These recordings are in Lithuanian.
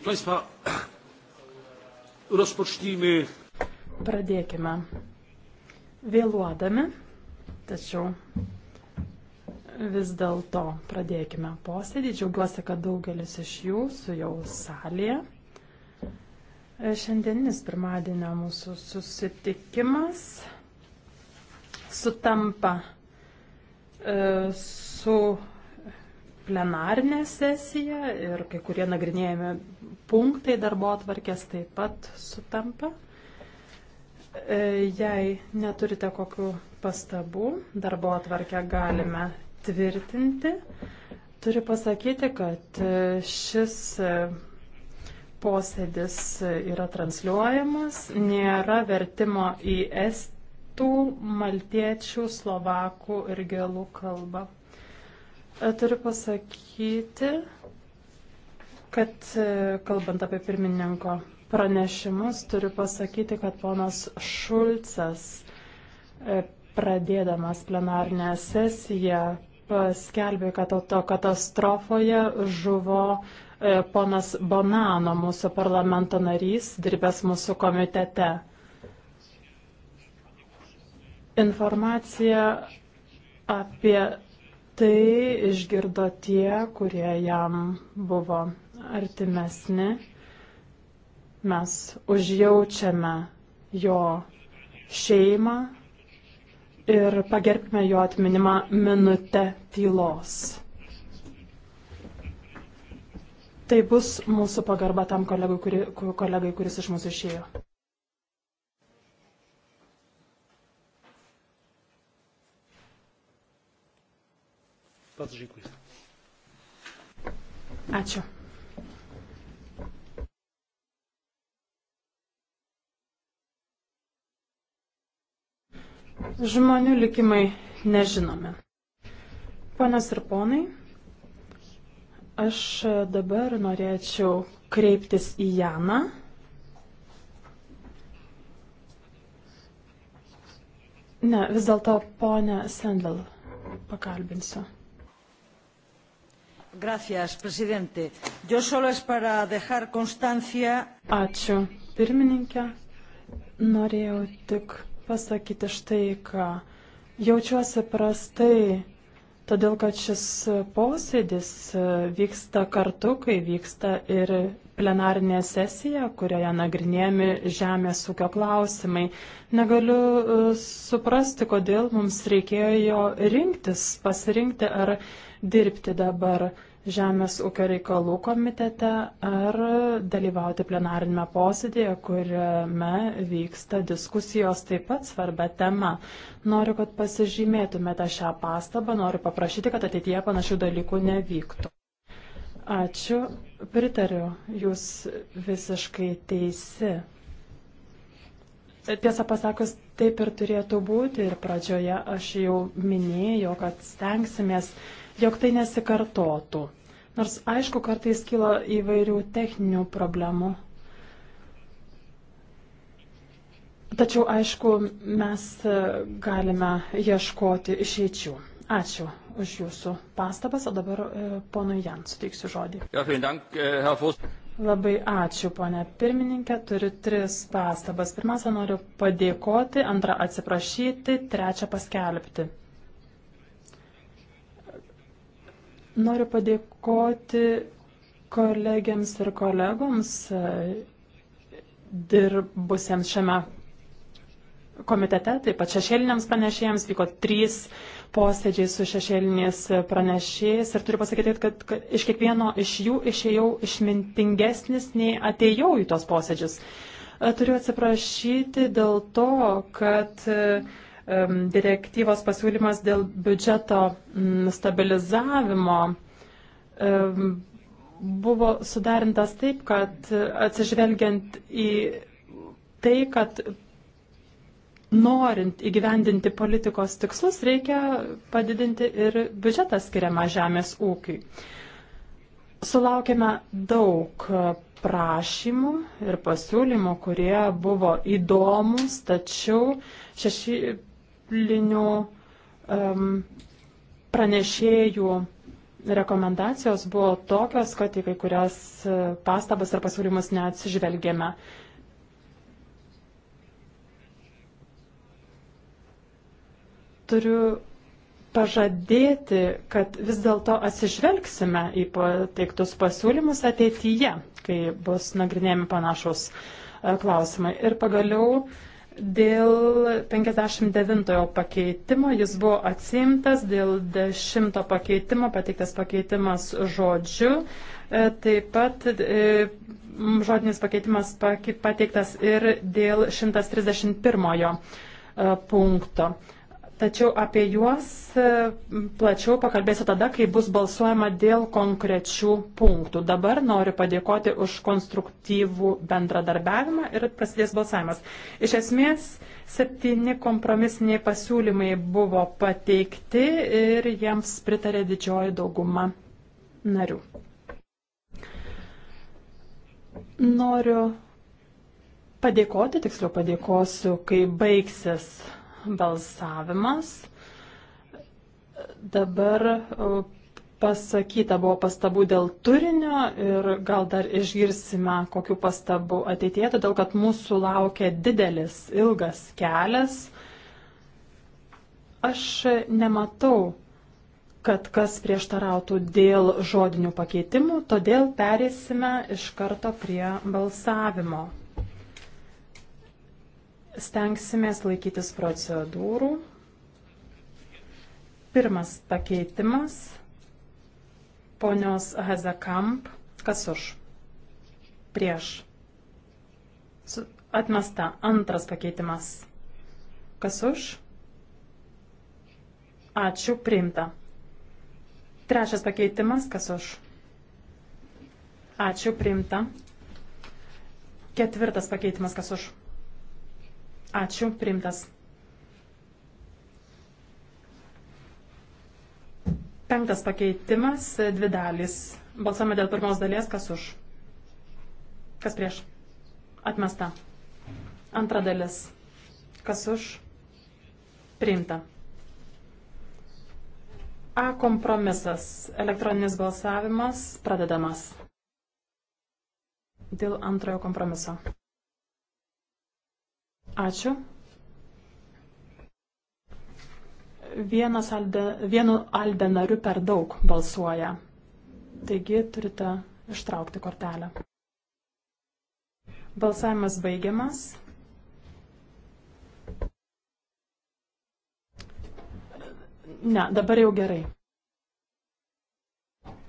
Państwa, rozpocznijmy. Pradėkime. Vėluodami, tačiau vis dėlto pradėkime posėdį. Džiaugiuosi, kad daugelis iš jūsų jau salėje. Šiandieninis pirmadienio mūsų susitikimas sutampa e, su plenarinę sesiją ir kai kurie nagrinėjami punktai darbo atvarkės taip pat sutampa. E, jei neturite kokių pastabų, darbo atvarkę galime tvirtinti. Turiu pasakyti, kad e, šis e, posėdis yra transliuojamas, nėra vertimo į estų, maltiečių, slovakų ir gelų kalbą. E, turiu pasakyti, kad e, kalbant apie pirmininko pranešimus, turiu pasakyti, kad ponas Šulcas e, pradėdamas plenarnę sesiją paskelbė, kad auto katastrofoje žuvo ponas Bonano, mūsų parlamento narys, dirbęs mūsų komitete. Informacija apie tai išgirdo tie, kurie jam buvo artimesni. Mes užjaučiame jo šeimą ir pagerbkime jo atminimą minutę tylos. Tai bus mūsų pagarba tam kolegai, kuri, kolegai kuris iš mūsų išėjo. Bardzo dziękuję. Ačiū. Žmonių likimai nežinome. Panas ir ponai, aš dabar norėčiau kreiptis į Janą. Ne, vis dėlto ponę Sendel pakalbinsiu. Gracias, presidente. Yo solo es para dejar constancia. Ačiū, pirmininkė. Norėjau tik pasakyti štai ką. Jaučiuosi prastai, todėl kad šis posėdis vyksta kartu, kai vyksta ir plenarinė sesija, kurioje nagrinėjami žemės ūkio klausimai. Negaliu e, suprasti, kodėl mums reikėjo rinktis, pasirinkti ar dirbti dabar žemės ūkio reikalų komitete ar dalyvauti plenarinėme posėdėje, kuriame vyksta diskusijos taip pat svarbia tema. Noriu, kad pasižymėtumėte šią pastabą, noriu paprašyti, kad ateityje panašių dalykų nevyktų. Ačiū. Pritariu, jūs visiškai teisi. Tiesą pasakus, taip ir turėtų būti ir pradžioje aš jau minėjau, kad stengsimės, jog tai nesikartotų. Nors aišku, kartais kyla įvairių techninių problemų. Tačiau aišku, mes galime ieškoti išeičių. Ačiū už jūsų pastabas, o dabar e, ponui Jan suteiksiu žodį. Äh, Labai ačiū, ponė pirmininkė. Turiu tris pastabas. Pirmiausia, noriu padėkoti, antrą atsiprašyti, trečią paskelbti. Noriu padėkoti kolegiams ir kolegoms e, dirbusiems šiame komitete, taip pat šešėliniams pranešėjams vyko trys uh, posėdžiai su šešėliniais pranešėjais ir turiu pasakyti, kad, kad iš kiekvieno iš jų išėjau išmintingesnis nei atėjau į tos posėdžius. E, turiu atsiprašyti dėl to, kad e, direktyvos pasiūlymas dėl biudžeto stabilizavimo buvo sudarintas taip, kad e, atsižvelgiant į tai, kad norint įgyvendinti politikos tikslus, reikia padidinti ir biudžetą skiriamą žemės ūkiui. Sulaukėme daug prašymų ir pasiūlymų, kurie buvo įdomus, tačiau šešilinių um, pranešėjų rekomendacijos buvo tokios, kad į kai kurias e, pastabas ir pasiūlymus neatsižvelgėme. Uh, turiu pažadėti, kad vis dėlto atsižvelgsime į pateiktus pasiūlymus ateityje, kai bus nagrinėjami panašus e, klausimai. Ir pagaliau dėl 59 pakeitimo jis buvo atsimtas, dėl 10 pakeitimo pateiktas pakeitimas žodžiu, e, taip pat e, žodinis pakeitimas pateiktas ir dėl 131 punkto. Tačiau apie juos e, plačiau pakalbėsiu tada, kai bus balsuojama dėl konkrečių punktų. Dabar noriu padėkoti už konstruktyvų bendradarbiavimą ir prasidės balsavimas. Iš esmės, septyni kompromisiniai pasiūlymai buvo pateikti ir jiems pritarė didžioji dauguma narių. Noriu padėkoti, tiksliau padėkosiu, kai baigsis balsavimas. Dabar e, pasakyta buvo pastabų dėl turinio ir gal dar išgirsime kokių pastabų ateityje, todėl kad mūsų laukia didelis, ilgas kelias. Aš nematau, kad kas prieštarautų dėl žodinių pakeitimų, todėl perėsime iš karto prie balsavimo stengsimės laikytis procedūrų. Pirmas pakeitimas ponios Hazekamp. Kas už? Prieš. Atmesta antras pakeitimas. Kas už? Ačiū, priimta. Trečias pakeitimas, kas už? Ačiū, priimta. Ketvirtas pakeitimas, kas už? Ačiū, priimtas. Penktas pakeitimas, dvi dalys. Balsuojame dėl pirmos dalies, kas už. Kas prieš? Atmesta. Antra dalis. Kas už? Priimta. A kompromisas. Elektroninis balsavimas pradedamas. Dėl antrojo kompromiso. Ačiū. Vienas alde, vienu alde nariu per daug balsuoja. Taigi turite ištraukti kortelę. Balsavimas baigiamas. Ne, dabar jau gerai.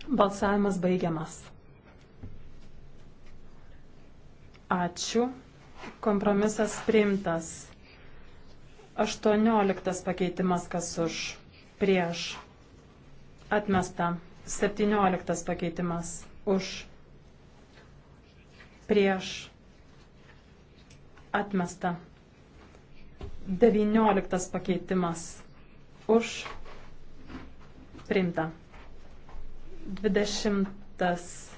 Balsavimas baigiamas. Ačiū. Kompromisas priimtas. 18 pakeitimas kas už. Prieš. Atmesta. 17 pakeitimas už. Prieš. Atmesta. 19 pakeitimas už. Priimta. 20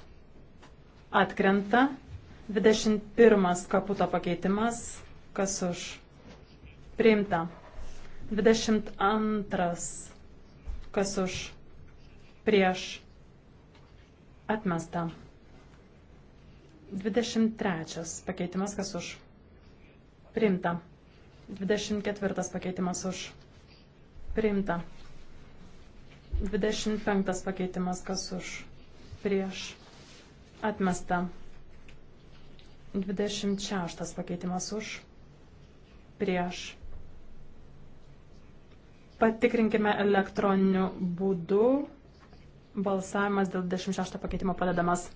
atkrenta. 21 kaputo pakeitimas, kas už priimta. 22 kas už prieš atmesta. 23 pakeitimas, kas už priimta. 24 pakeitimas už priimta. 25 pakeitimas, kas už prieš atmesta. 26 pakeitimas už, prieš. Patikrinkime elektroniniu būdu. Balsavimas dėl 26 pakeitimo pradedamas.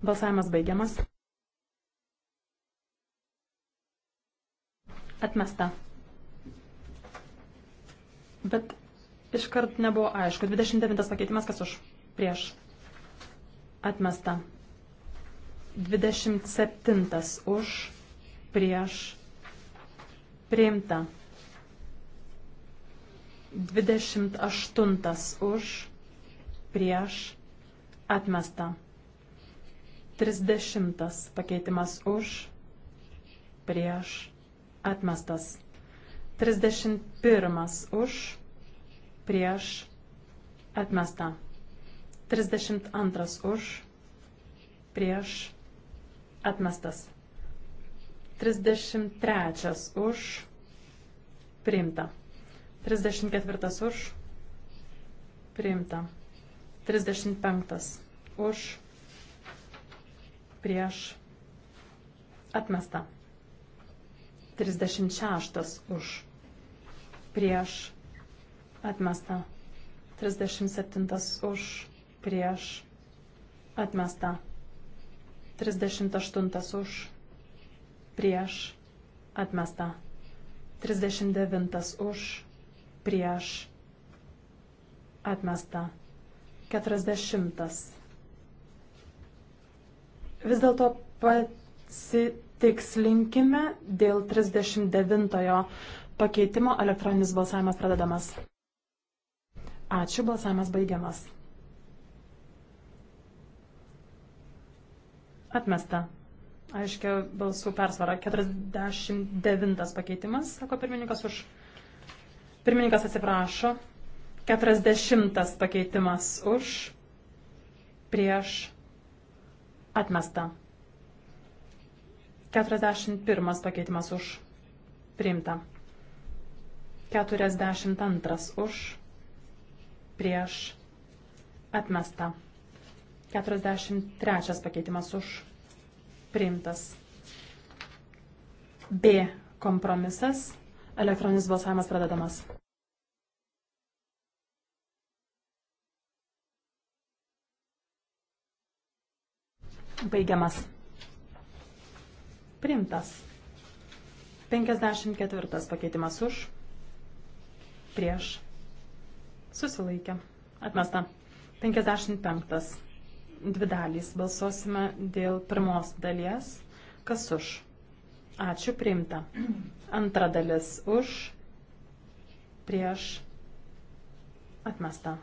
Balsavimas baigiamas. Atmesta. Bet iškart nebuvo aišku. 29 pakeitimas, kas už? Prieš. Atmesta. 27 už. Prieš. Priimta. 28 už. Prieš. Atmesta. 30 pakeitimas už. Prieš. Atmestas. 31 už prieš atmesta. 32 už prieš atmestas. 33 už priimta. 34 už priimta. 35 už prieš atmesta. 36 už prieš atmesta atmesta. 37 už, prieš, atmesta. 38 už, prieš, atmesta. 39 už, prieš, atmesta. 40. Vis dėlto pasitikslinkime dėl 39 pakeitimo elektroninis balsavimas pradedamas. Ačiū, balsavimas baigiamas. Atmesta. Aiškia balsų persvara. 49 pakeitimas, sako pirmininkas už. Pirmininkas atsiprašo. 40 pakeitimas už. Prieš. Atmesta. 41 pakeitimas už. Priimta. 42 už prieš atmestą. 43 pakeitimas už priimtas. B kompromisas. Elektroninis balsavimas pradedamas. Baigiamas. Priimtas. 54 pakeitimas už prieš atmestą Susilaikė. Atmesta. 55. Dvi dalys. Balsuosime dėl pirmos dalies. Kas už? Ačiū, priimta. Antra dalis už, prieš, atmesta.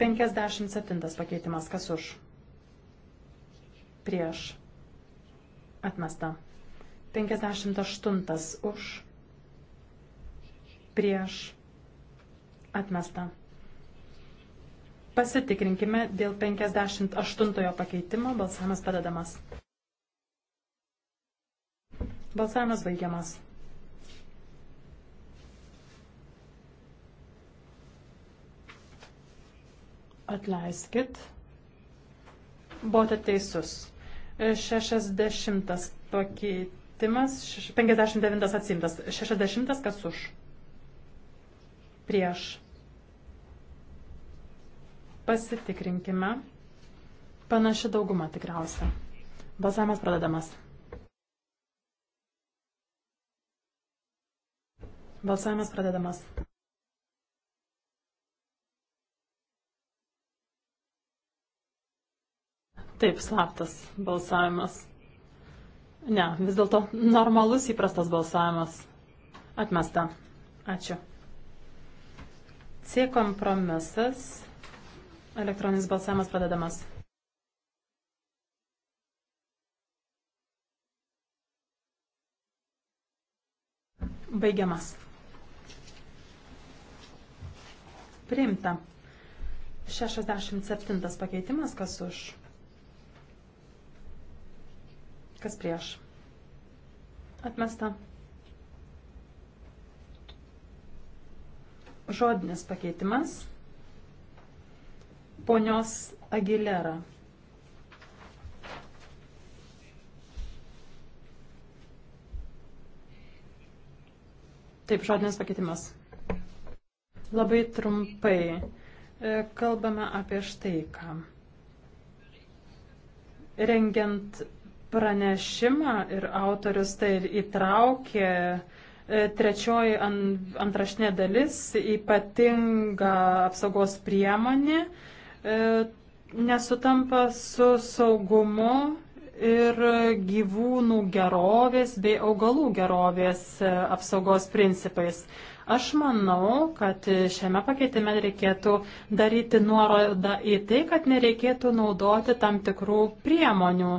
57 pakeitimas, kas už? Prieš. Atmesta. 58 už prieš atmestą. Pasitikrinkime dėl 58 pakeitimo. Balsavimas padedamas. Balsavimas baigiamas. Atleiskit. Buvote teisus. 60 pakeitimas, 59 atsimtas. 60 kas už? prieš. Pasitikrinkime. Panaši dauguma tikriausia. Balsavimas pradedamas. Balsavimas pradedamas. Taip, slaptas balsavimas. Ne, vis dėlto normalus įprastas balsavimas. Atmesta. Ačiū. C kompromisas. Elektroninis balsavimas pradedamas. Baigiamas. Priimta. 67 pakeitimas, kas už. Kas prieš. Atmesta. Žodinis pakeitimas. Ponios Aguilera. Taip, žodinis pakeitimas. Labai trumpai e, kalbame apie štai ką. Rengiant pranešimą ir autorius tai ir įtraukė E, trečioji antrašinė dalis - ypatinga apsaugos priemonė e, nesutampa su saugumu ir gyvūnų gerovės bei augalų gerovės e, apsaugos principais. Aš manau, kad šiame pakeitime reikėtų daryti nuorodą į tai, kad nereikėtų naudoti tam tikrų priemonių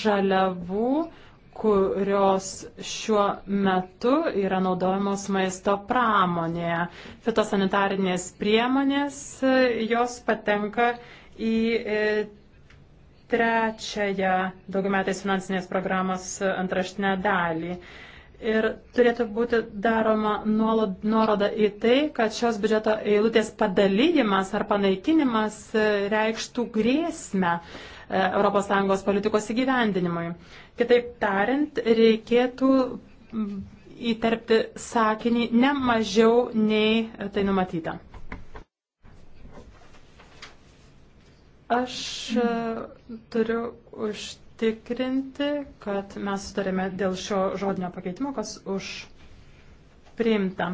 žaliavų, kurios šiuo metu yra naudojamos maisto pramonėje. Fitosanitarinės priemonės, jos patenka į e, trečiąją daugiametės finansinės programos antraštinę dalį. Ir turėtų būti daroma nuoroda į tai, kad šios biudžeto eilutės padalyjimas ar panaikinimas e, reikštų grėsmę uh, ES politikos įgyvendinimui. Kitaip tariant, reikėtų įterpti sakinį ne mažiau nei tai numatyta. Aš e, turiu užtikrinti, kad mes sutarėme dėl šio žodinio pakeitimo, kas už priimta.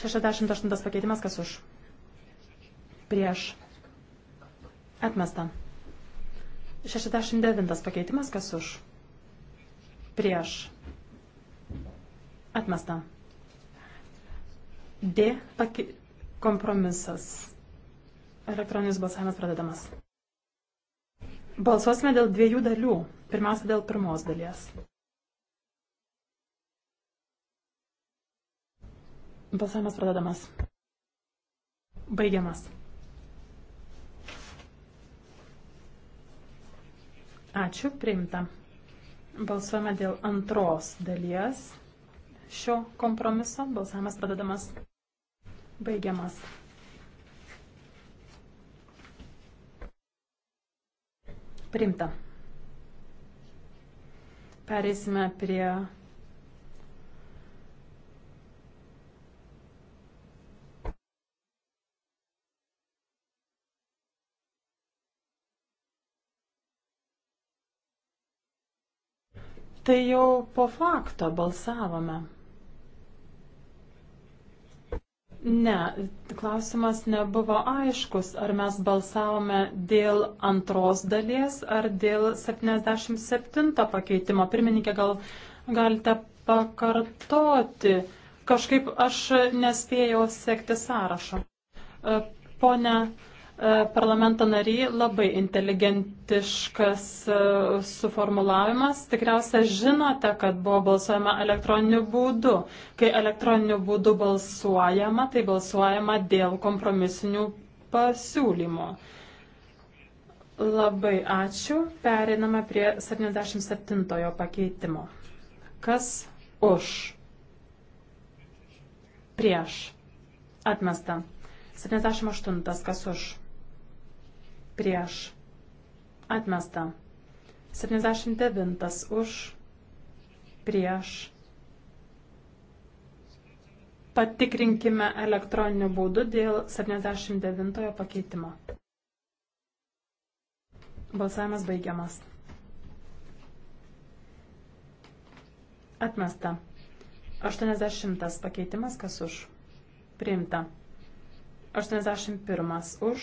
68 pakeitimas, kas už prieš atmestą. 69 pakeitimas, kas už? Prieš. Atmesta. D pake... kompromisas. Elektroninis balsavimas pradedamas. Balsuosime dėl dviejų dalių. Pirmiausia, dėl pirmos dalies. Balsavimas pradedamas. Baigiamas. Ačiū, priimta. Balsuojame dėl antros dalies šio kompromiso. Balsavimas pradedamas. Baigiamas. Priimta. Pereisime prie Tai jau po fakto balsavome. Ne, klausimas nebuvo aiškus, ar mes balsavome dėl antros dalies ar dėl 77 pakeitimo. Pirmininkė, gal galite pakartoti. Kažkaip aš nespėjau sekti sąrašo. Pone E, parlamento nariai labai inteligentiškas e, suformulavimas. Tikriausiai žinote, kad buvo balsuojama elektroniniu būdu. Kai elektroniniu būdu balsuojama, tai balsuojama dėl kompromisinių pasiūlymų. Labai ačiū. Periname prie 77 pakeitimo. Kas už? Prieš. Atmesta. 78. Kas už? prieš atmesta. 79 už prieš. Patikrinkime elektroniniu būdu dėl 79 pakeitimo. Balsavimas baigiamas. Atmesta. 80 pakeitimas kas už? Priimta. 81 už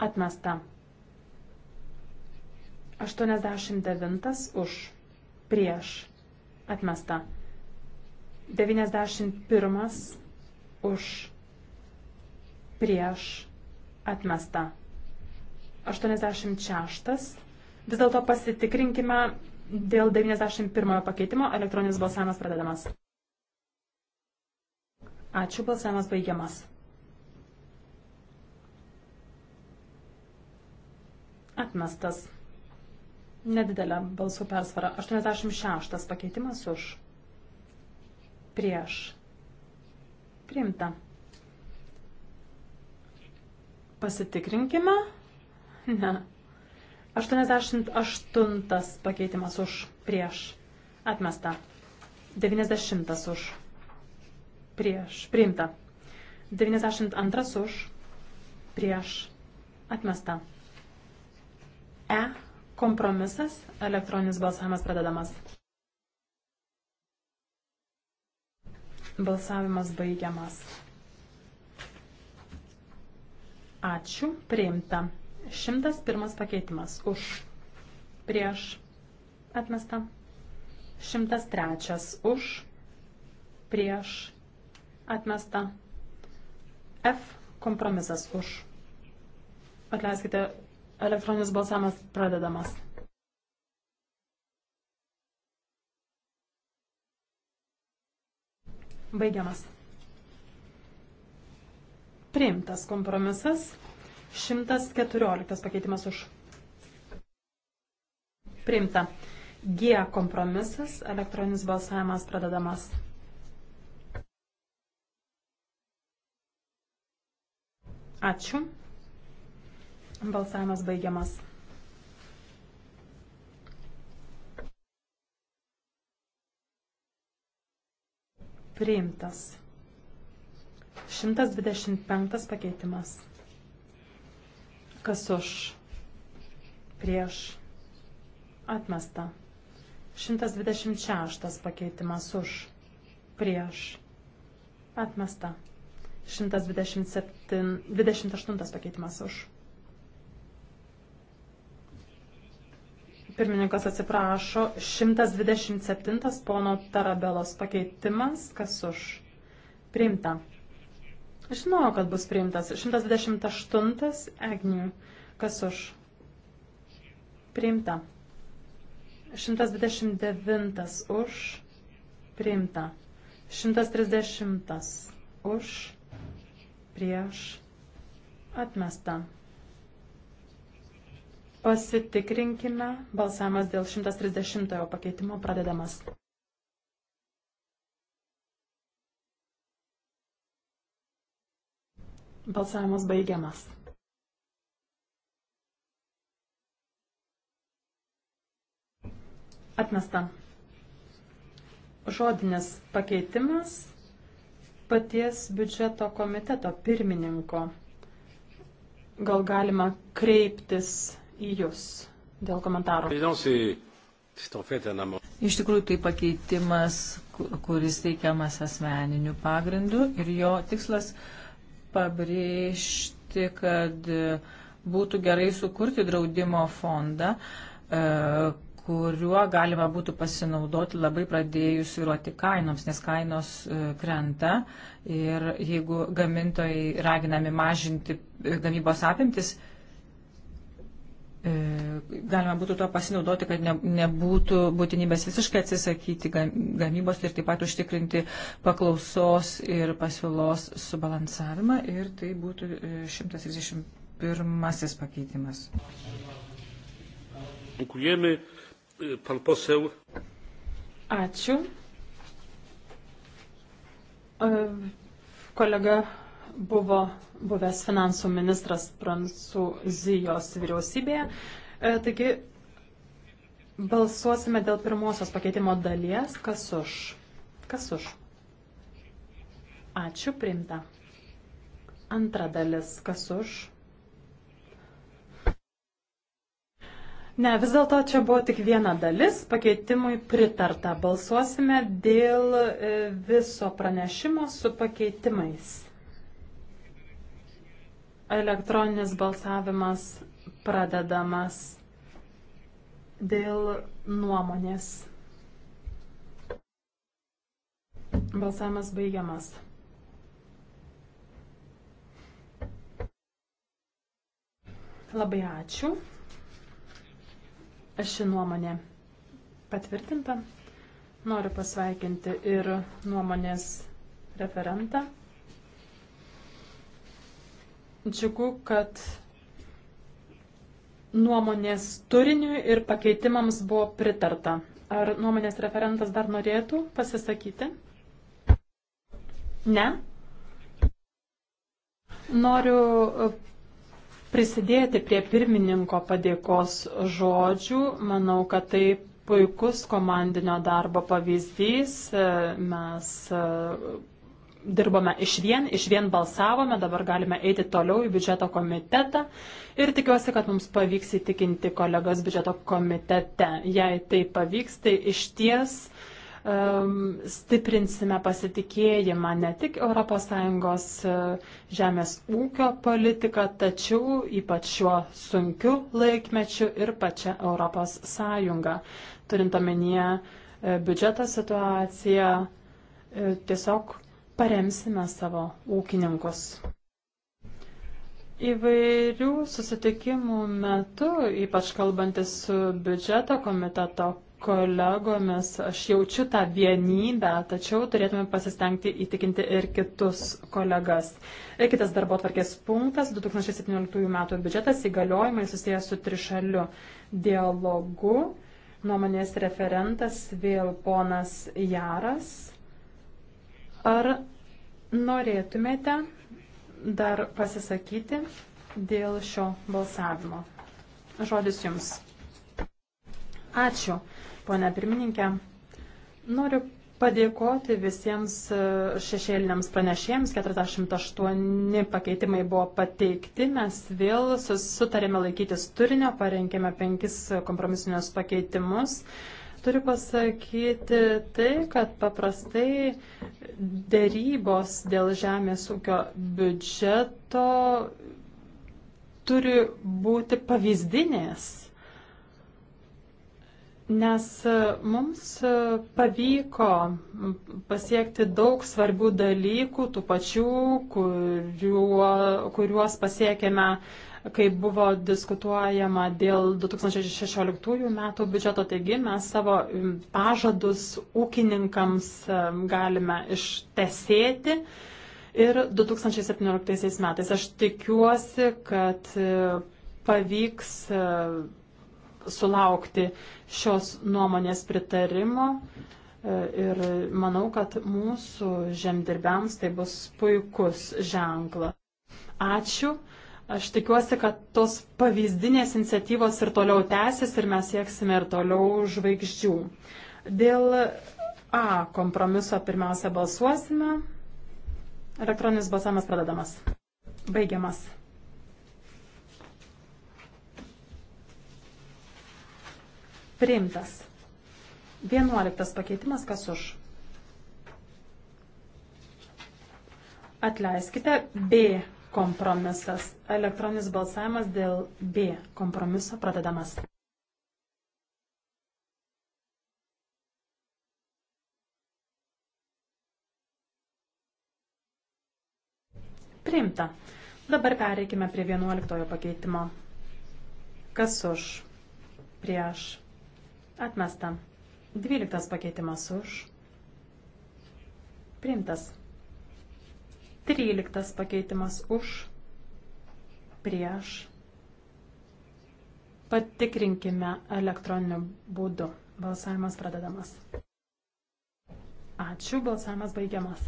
Atmesta. 89 už. Prieš. Atmesta. 91 už. Prieš. Atmesta. 86. Vis dėlto pasitikrinkime dėl 91 pakeitimo elektroninis balsavimas pradedamas. Ačiū, balsavimas baigiamas. Atmestas. Nedidelė balsų persvara. 86 pakeitimas už. Prieš. Priimta. Pasitikrinkime. Ne. 88 pakeitimas už. Prieš. Atmesta. 90 už. Prieš. Priimta. 92 už. Prieš. Atmesta. E kompromisas, elektroninis balsavimas pradedamas. Balsavimas baigiamas. Ačiū, priimta. 101 pakeitimas už, prieš, atmesta. 103 už, prieš, atmesta. F kompromisas už. Atleiskite, Elektroninis balsavimas pradedamas. Baigiamas. Priimtas kompromisas. 114 pakeitimas už. Priimta. G kompromisas. Elektroninis balsavimas pradedamas. Ačiū. Balsavimas baigiamas. Priimtas. 125 pakeitimas. Kas už? Prieš. Atmesta. 126 pakeitimas už. Prieš. Atmesta. 128 pakeitimas už. Pirmininkas atsiprašo. 127 pono Tarabelos pakeitimas. Kas už? Priimta. Žinojau, kad bus priimtas. 128 Egnių. Kas už? Priimta. 129 už. Priimta. 130 už. Prieš. Atmesta. Pasitikrinkime. Balsavimas dėl 130 pakeitimo pradedamas. Balsavimas baigiamas. Atmesta. Žodinis pakeitimas paties biudžeto komiteto pirmininko. Gal galima kreiptis į Jūs dėl komentaro. Iš tikrųjų, tai pakeitimas, kuris teikiamas asmeniniu pagrindu ir jo tikslas pabrėžti, kad e, būtų gerai sukurti draudimo fondą, e, kuriuo galima būtų pasinaudoti labai pradėjus įruoti kainoms, nes kainos e, krenta ir jeigu gamintojai raginami mažinti gamybos apimtis, E, galima būtų to pasinaudoti, kad ne, nebūtų būtinybės visiškai atsisakyti gamybos ir taip pat užtikrinti paklausos ir pasiūlos subalansavimą ir tai būtų 131 e, pakeitimas. Dėkujame, pan posel. Ačiū. E, kolega buvo buvęs finansų ministras Prancūzijos vyriausybėje. E, taigi balsuosime dėl pirmosios pakeitimo dalies. Kas už? Kas už? Ačiū, priimta. Antra dalis. Kas už? Ne, vis dėlto čia buvo tik viena dalis, pakeitimui pritarta. Balsuosime dėl e, viso pranešimo su pakeitimais. Elektroninis balsavimas pradedamas dėl nuomonės. Balsavimas baigiamas. Labai ačiū. Ši nuomonė patvirtinta. Noriu pasveikinti ir nuomonės referentą džiugu, kad nuomonės turiniui ir pakeitimams buvo pritarta. Ar nuomonės referentas dar norėtų pasisakyti? Ne? Noriu prisidėti prie pirmininko padėkos žodžių. Manau, kad tai puikus komandinio darbo pavyzdys. Mes dirbome iš vien, iš vien balsavome, dabar galime eiti toliau į biudžeto komitetą ir tikiuosi, kad mums pavyks įtikinti kolegas biudžeto komitete. Jei tai pavyks, tai iš ties um, stiprinsime pasitikėjimą ne tik ES e, žemės ūkio politiką, tačiau ypač šiuo sunkiu laikmečiu ir pačią ES. Turint omenyje e, biudžeto situaciją, e, tiesiog paremsime savo ūkininkus. Įvairių susitikimų metu, ypač kalbantis su biudžeto komiteto kolegomis, aš jaučiu tą vienybę, tačiau turėtume pasistengti įtikinti ir kitus kolegas. Ir kitas darbo atvarkės punktas - 2017 m. biudžetas įgaliojimai susijęs su trišaliu dialogu. Nuomonės referentas vėl ponas Jaras. Ar norėtumėte dar pasisakyti dėl šio balsavimo? Žodis jums. Ačiū, ponia pirmininkė. Noriu padėkoti visiems e, šešėliniams pranešėjams. 48 pakeitimai buvo pateikti. Mes vėl sutarėme laikytis turinio, parengėme penkis kompromisinius pakeitimus. Uh, Turiu pasakyti tai, kad paprastai dėrybos dėl žemės ūkio biudžeto turi būti pavyzdinės, nes mums pavyko pasiekti daug svarbių dalykų, tų pačių, kuriuo, kuriuos pasiekėme uh, kai buvo diskutuojama dėl 2016 metų biudžeto. Taigi mes savo pažadus ūkininkams e, galime ištesėti. Ir 2017 metais aš tikiuosi, kad e, pavyks e, sulaukti šios nuomonės pritarimo. Ir manau, kad mūsų žemdirbiams tai bus puikus ženklas. Ačiū. Aš tikiuosi, kad tos pavyzdinės iniciatyvos ir toliau tęsis ir mes sieksime ir toliau žvaigždžių. Dėl A kompromiso pirmiausia balsuosime. Elektroninis balsavimas pradedamas. Baigiamas. Priimtas. Vienuoliktas pakeitimas, kas už. Atleiskite. B kompromisas. Elektroninis balsavimas dėl B kompromiso pradedamas. Priimta. Dabar pereikime prie 11 pakeitimo. Kas už? Prieš. Atmesta. 12 pakeitimas už. Priimtas. 13 pakeitimas už, prieš. Patikrinkime elektroniniu būdu. Balsavimas pradedamas. Ačiū, balsavimas baigiamas.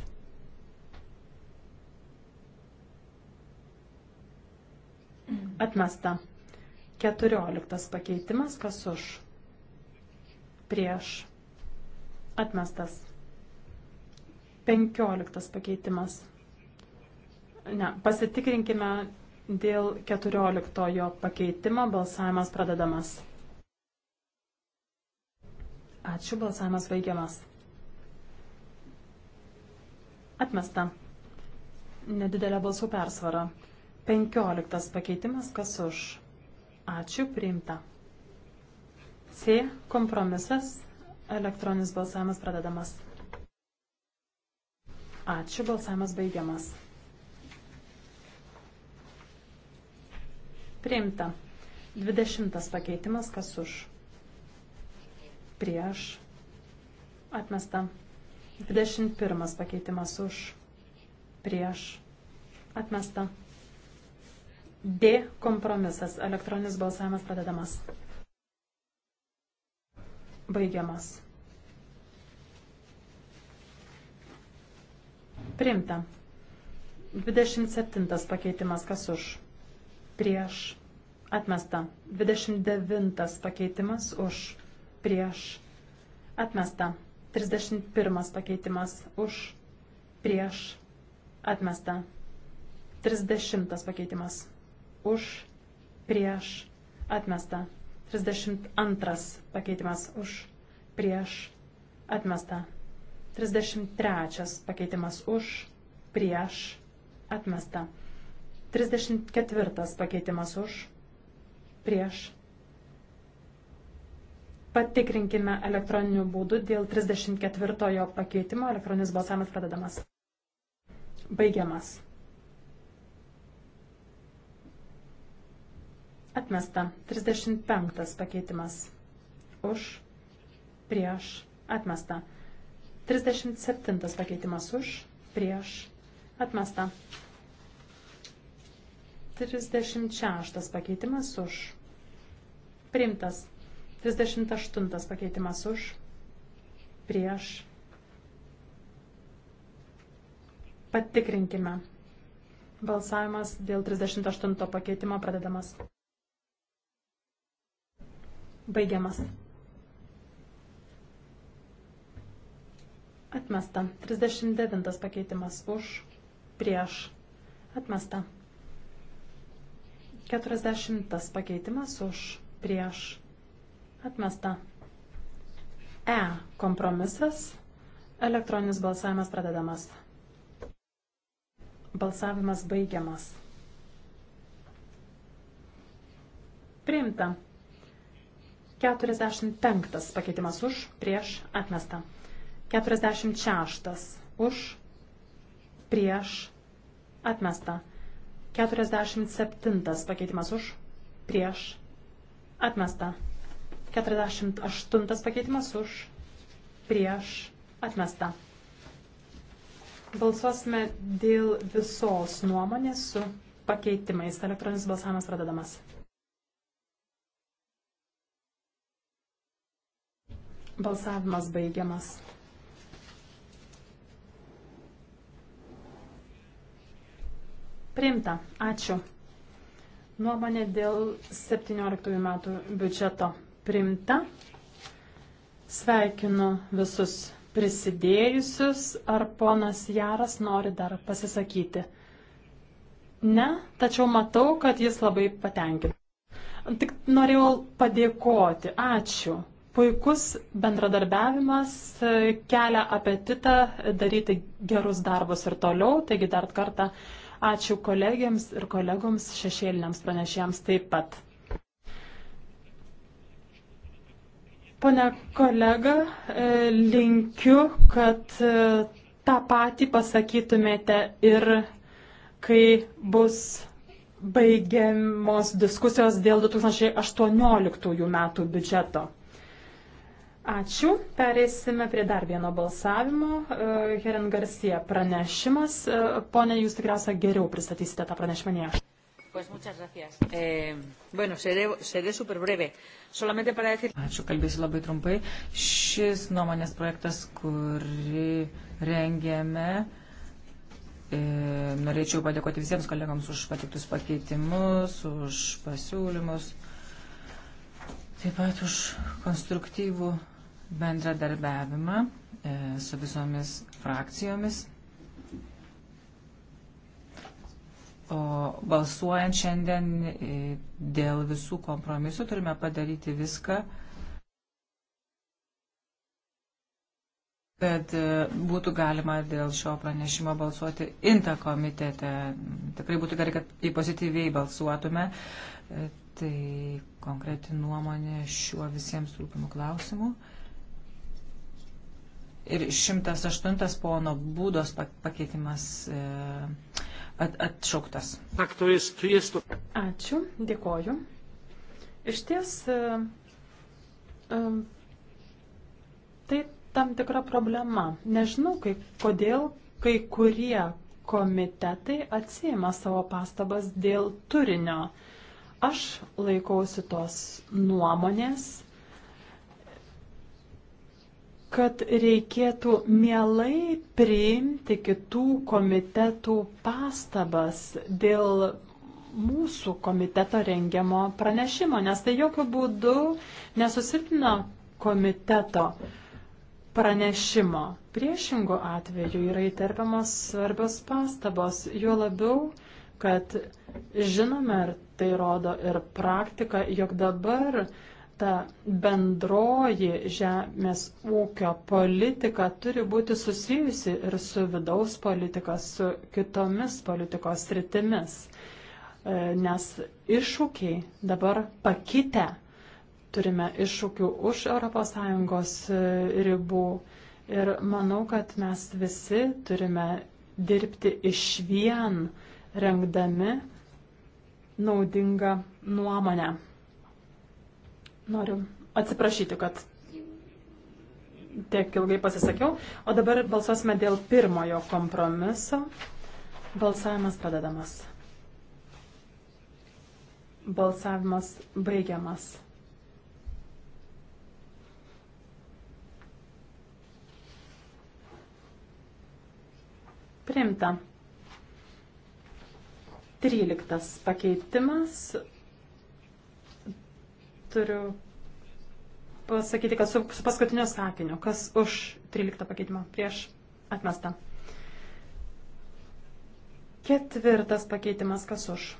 Atmesta. 14 pakeitimas, kas už. Prieš. Atmestas. 15 pakeitimas. Ne, pasitikrinkime dėl 14 pakeitimo. Balsavimas pradedamas. Ačiū, balsavimas veikiamas. Atmesta. Nedidelė balsų persvara. 15 pakeitimas, kas už. Ačiū, priimta. C. Kompromisas. Elektroninis balsavimas pradedamas. Ačiū, balsavimas baigiamas. Priimta. 20 pakeitimas, kas už. Prieš. Atmesta. 21 pakeitimas už. Prieš. Atmesta. D kompromisas. Elektroninis balsavimas pradedamas. Baigiamas. Priimta. 27 pakeitimas, kas už prieš atmesta. 29 pakeitimas už prieš atmesta. 31 pakeitimas už prieš atmesta. 30 pakeitimas už prieš atmesta. 32 pakeitimas už prieš atmesta. 33 pakeitimas už prieš atmesta. 34 pakeitimas už, prieš. Patikrinkime elektroniniu būdu dėl 34 pakeitimo. Elektroninis balsavimas pradedamas. Baigiamas. Atmesta. 35 pakeitimas. Už, prieš, atmesta. 37 pakeitimas už, prieš, atmesta. 36 pakeitimas už. Priimtas. 38 pakeitimas už. Prieš. Patikrinkime. Balsavimas dėl 38 pakeitimo pradedamas. Baigiamas. Atmesta. 39 pakeitimas už. Prieš. Atmesta. 40 pakeitimas už prieš atmesta. E kompromisas. Elektroninis balsavimas pradedamas. Balsavimas baigiamas. Priimta. 45 pakeitimas už, prieš, atmesta. 46 už, prieš, atmesta. 47 pakeitimas už, prieš, atmesta. 48 pakeitimas už, prieš, atmesta. Balsuosime dėl visos nuomonės su pakeitimais. Elektroninis balsavimas pradedamas. Balsavimas baigiamas. Priimta. Ačiū. Nuomonė dėl 17 metų biudžeto priimta. Sveikinu visus prisidėjusius. Ar ponas Jaras nori dar pasisakyti? Ne, tačiau matau, kad jis labai patenkintas. Tik norėjau padėkoti. Ačiū. Puikus bendradarbiavimas kelia apetitą daryti gerus darbus ir toliau. Taigi dar kartą Ačiū kolegiams ir kolegoms šešėliniams pranešėjams taip pat. Pone kolega, e, linkiu, kad e, tą patį pasakytumėte ir kai bus baigiamos diskusijos dėl 2018 metų biudžeto. Ačiū. Pereisime prie dar vieno balsavimo. E, Heren Garcia pranešimas. E, pone, jūs tikriausiai geriau pristatysite tą pranešimą nei aš. Pues muchas gracias. Eh, bueno, seré, seré super breve. Solamente para decir... Ačiū, kalbėsiu labai trumpai. Šis nuomonės projektas, kurį rengėme, e, norėčiau padėkoti visiems kolegams už patiktus pakeitimus, už pasiūlymus, taip pat už konstruktyvų bendradarbiavimą e, su visomis frakcijomis. O balsuojant šiandien e, dėl visų kompromisų turime padaryti viską, kad e, būtų galima dėl šio pranešimo balsuoti INTA komitete. Tikrai būtų gerai, kad į pozityviai balsuotume. Tai konkreti nuomonė šiuo visiems rūpimu klausimu ir 108 pono būdos pakeitimas e, at, atšauktas. Ačiū, dėkoju. Iš ties, e, e, tai tam tikra problema. Nežinau, kai, kodėl kai kurie komitetai atsijima savo pastabas dėl turinio. Aš laikausi tos nuomonės, kad reikėtų mielai priimti kitų komitetų pastabas dėl mūsų komiteto rengiamo pranešimo, nes tai jokių būdų nesusilpina komiteto pranešimo. Priešingų atveju yra įterpiamas svarbios pastabos, juo labiau, kad žinome ir tai rodo ir praktika, jog dabar uh, ta bendroji žemės ūkio politika turi būti susijusi ir su vidaus politika, su kitomis politikos sritimis, e, nes iššūkiai dabar pakitę. Turime iššūkių už ES ribų ir manau, kad mes visi turime dirbti iš vien, rengdami naudingą nuomonę. Noriu atsiprašyti, kad tiek ilgai pasisakiau. O dabar balsuosime dėl pirmojo kompromiso. Balsavimas pradedamas. Balsavimas baigiamas. Priimta. Tryliktas pakeitimas turiu pasakyti, kad su, su paskutiniu sakiniu, kas už 13 pakeitimą prieš atmestą. Ketvirtas pakeitimas, kas už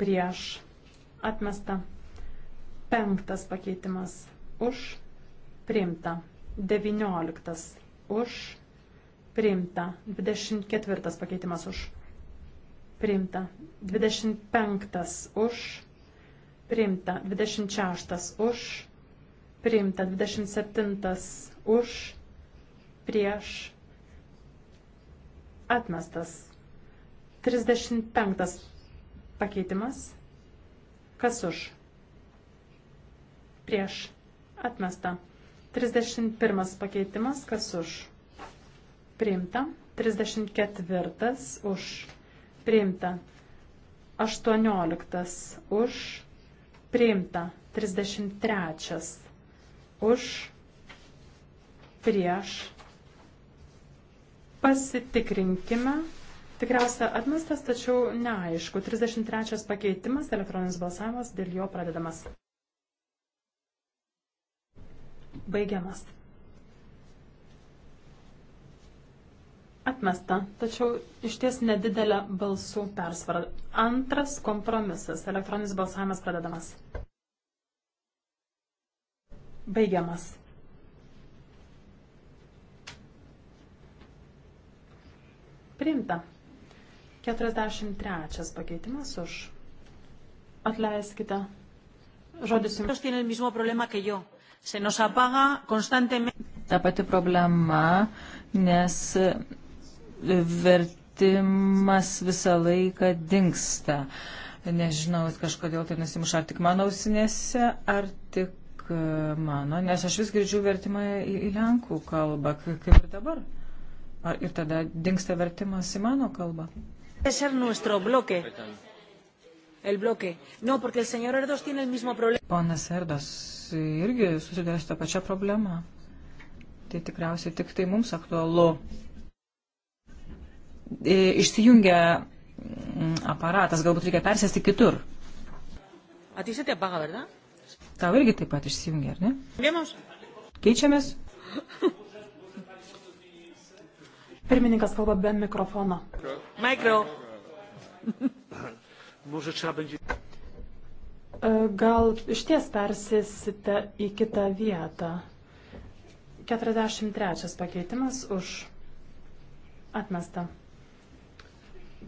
prieš atmestą. Penktas pakeitimas už priimta. Devynioliktas už priimta. Dvidešimt ketvirtas pakeitimas už priimta. Dvidešimt penktas už priimta priimta 26 už, priimta 27 už, prieš, atmestas 35 pakeitimas, kas už, prieš, atmesta 31 pakeitimas, kas už, priimta 34 už, priimta 18 už, priimta priimta 33 už prieš pasitikrinkime. Tikriausia atmestas, tačiau neaišku. 33 pakeitimas, elektroninis balsavimas, dėl jo pradedamas. Baigiamas. Atmesta, tačiau iš ties nedidelė balsų persvara. Antras kompromisas. Elektroninis balsavimas pradedamas. Baigiamas. Priimta. 43 pakeitimas už. Atleiskite. Žodis jums. Tiene el mismo problema que yo. Se nos apaga constantemente. Ta pati problema, nes vert vertimas visą laiką dinksta. Nežinau, kažkodėl tai nusimuša ar tik mano ausinėse, ar tik e, mano, nes aš vis girdžiu vertimą į, į lenkų kalbą, kaip ir dabar. Ar, ir tada dinksta vertimas į mano kalbą. Ponas Erdos irgi susiduria su tą pačią problemą. Tai tikriausiai tik tai mums aktualu. E, išsijungia mm, aparatas, galbūt reikia persėsti kitur. Atisėte apaga, verda? Tau irgi taip pat išsijungia, ar ne? Vienos. Keičiamės. Pirmininkas kalba be mikrofono. Mikro. Może trzeba będzie. E, gal išties persėsite į kitą vietą. 43 pakeitimas už atmestą.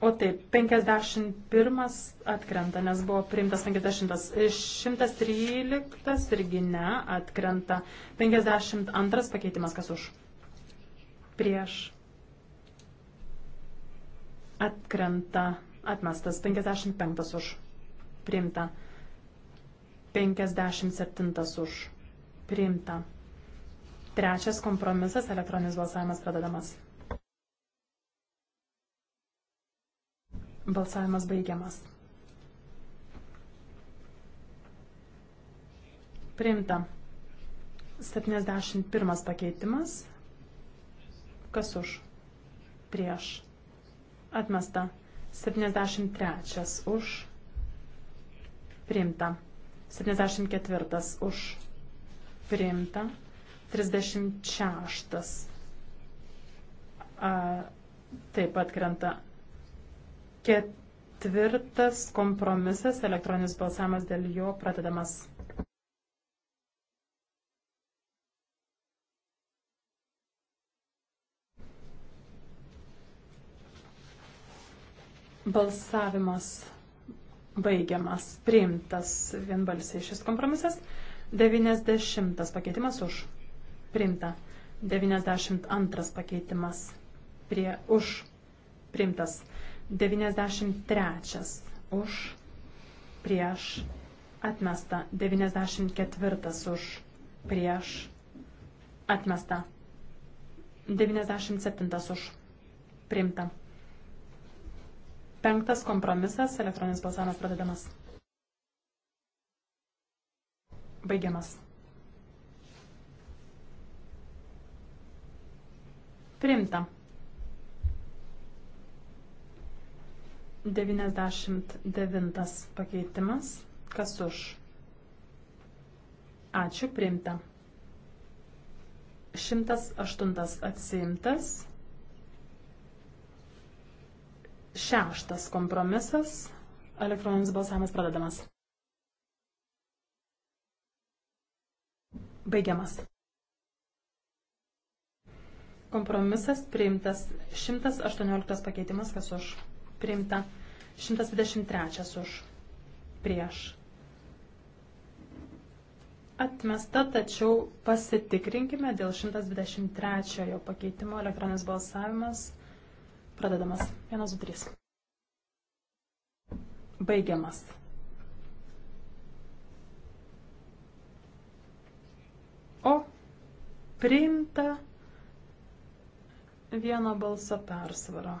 O taip, 51 atkrenta, nes buvo priimtas 50. 113 irgi ne atkrenta. 52 pakeitimas kas už? Prieš. Atkrenta. Atmestas. 55 už. Priimta. 57 už. Priimta. Trečias kompromisas elektroninis balsavimas pradedamas. Balsavimas baigiamas. Priimta. 71 pakeitimas. Kas už? Prieš. Atmesta. 73 už. Priimta. 74 už. Priimta. 36. A, taip pat krenta Ketvirtas kompromisas, elektroninis balsavimas dėl jo pradedamas. Balsavimas baigiamas, priimtas vienbalsiai šis kompromisas. 90 pakeitimas už, priimta. 92 pakeitimas prie už, priimtas. 93 už prieš atmesta. 94 už prieš atmesta. 97 už priimta. Penktas kompromisas, elektroninis balsavimas pradedamas. Baigiamas. Priimta. 99 pakeitimas. Kas už? Ačiū, priimta. 108 atsiimtas. Šeštas kompromisas. Elektroninis balsavimas pradedamas. Baigiamas. Kompromisas priimtas 118 pakeitimas, kas už priimta. 123 už prieš. Atmesta, tačiau pasitikrinkime dėl 123 pakeitimo elektroninis balsavimas. Pradedamas. 1, 2, 3. Baigiamas. O priimta vieno balso persvaro.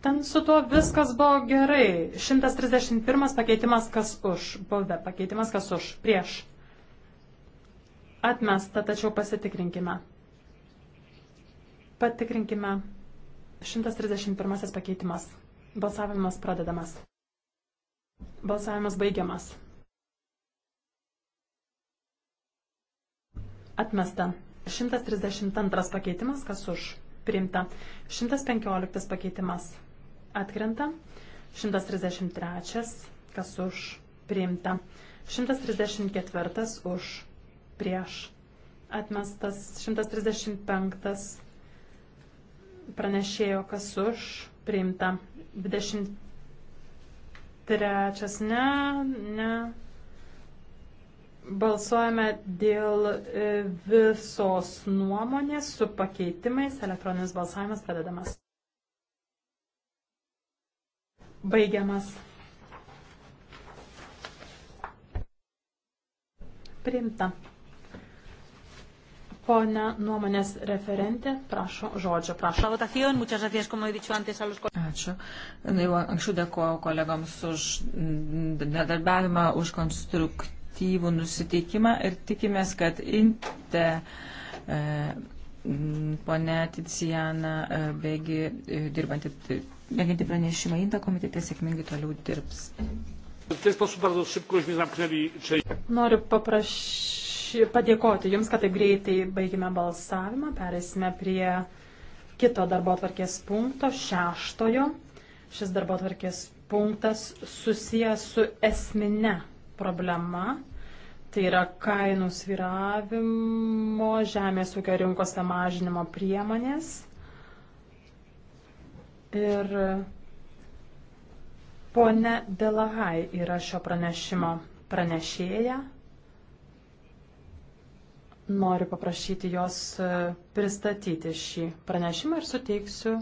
Ten su tuo viskas buvo gerai. 131 pakeitimas kas už. Bauda pakeitimas kas už. Prieš. Atmesta, tačiau pasitikrinkime. Patikrinkime. 131 pakeitimas. Balsavimas pradedamas. Balsavimas baigiamas. Atmesta. 132 pakeitimas kas už. Priimta. 115 pakeitimas atkrenta. 133, kas už priimta. 134 už prieš atmestas. 135 pranešėjo, kas už priimta. 23 ne, ne. Balsuojame dėl e, visos nuomonės su pakeitimais. Elektroninis balsavimas pradedamas baigiamas. Priimta. Pone nuomonės referentė, prašau žodžio, prašau. Ačiū. Na, jau anksčiau dėkojau kolegams už nedarbiavimą, už konstruktyvų nusiteikimą ir tikimės, kad inte e, pone Ticijana e, Begi e, dirbanti. E, rengiantį pranešimą įdą komitete sėkmingai toliau dirbs. Noriu paprašy, padėkoti Jums, kad taip greitai baigime balsavimą. Perėsime prie kito darbo atvarkės punkto, šeštojo. Šis darbo atvarkės punktas susijęs su esmine problema Tai yra kainų sviravimo, žemės ūkio rinkose mažinimo priemonės. Ir e, ponė Delahai yra šio pranešimo pranešėja. Noriu paprašyti jos e, pristatyti šį pranešimą ir suteiksiu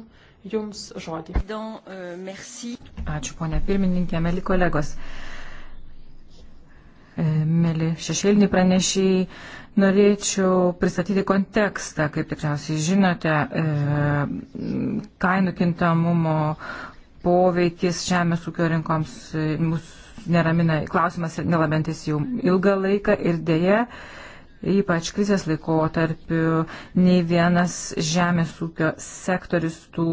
Jums žodį. E, Ačiū, ponė pirmininkė, meli kolegos. E, mėly šešėliniai pranešiai, norėčiau pristatyti kontekstą, kaip tikriausiai žinote, e, kainų kintamumo poveikis žemės ūkio rinkoms e, mūsų neramina klausimas, nelabantis jau ilgą laiką ir dėje ypač krizės laikotarpiu, nei vienas žemės ūkio sektorius tų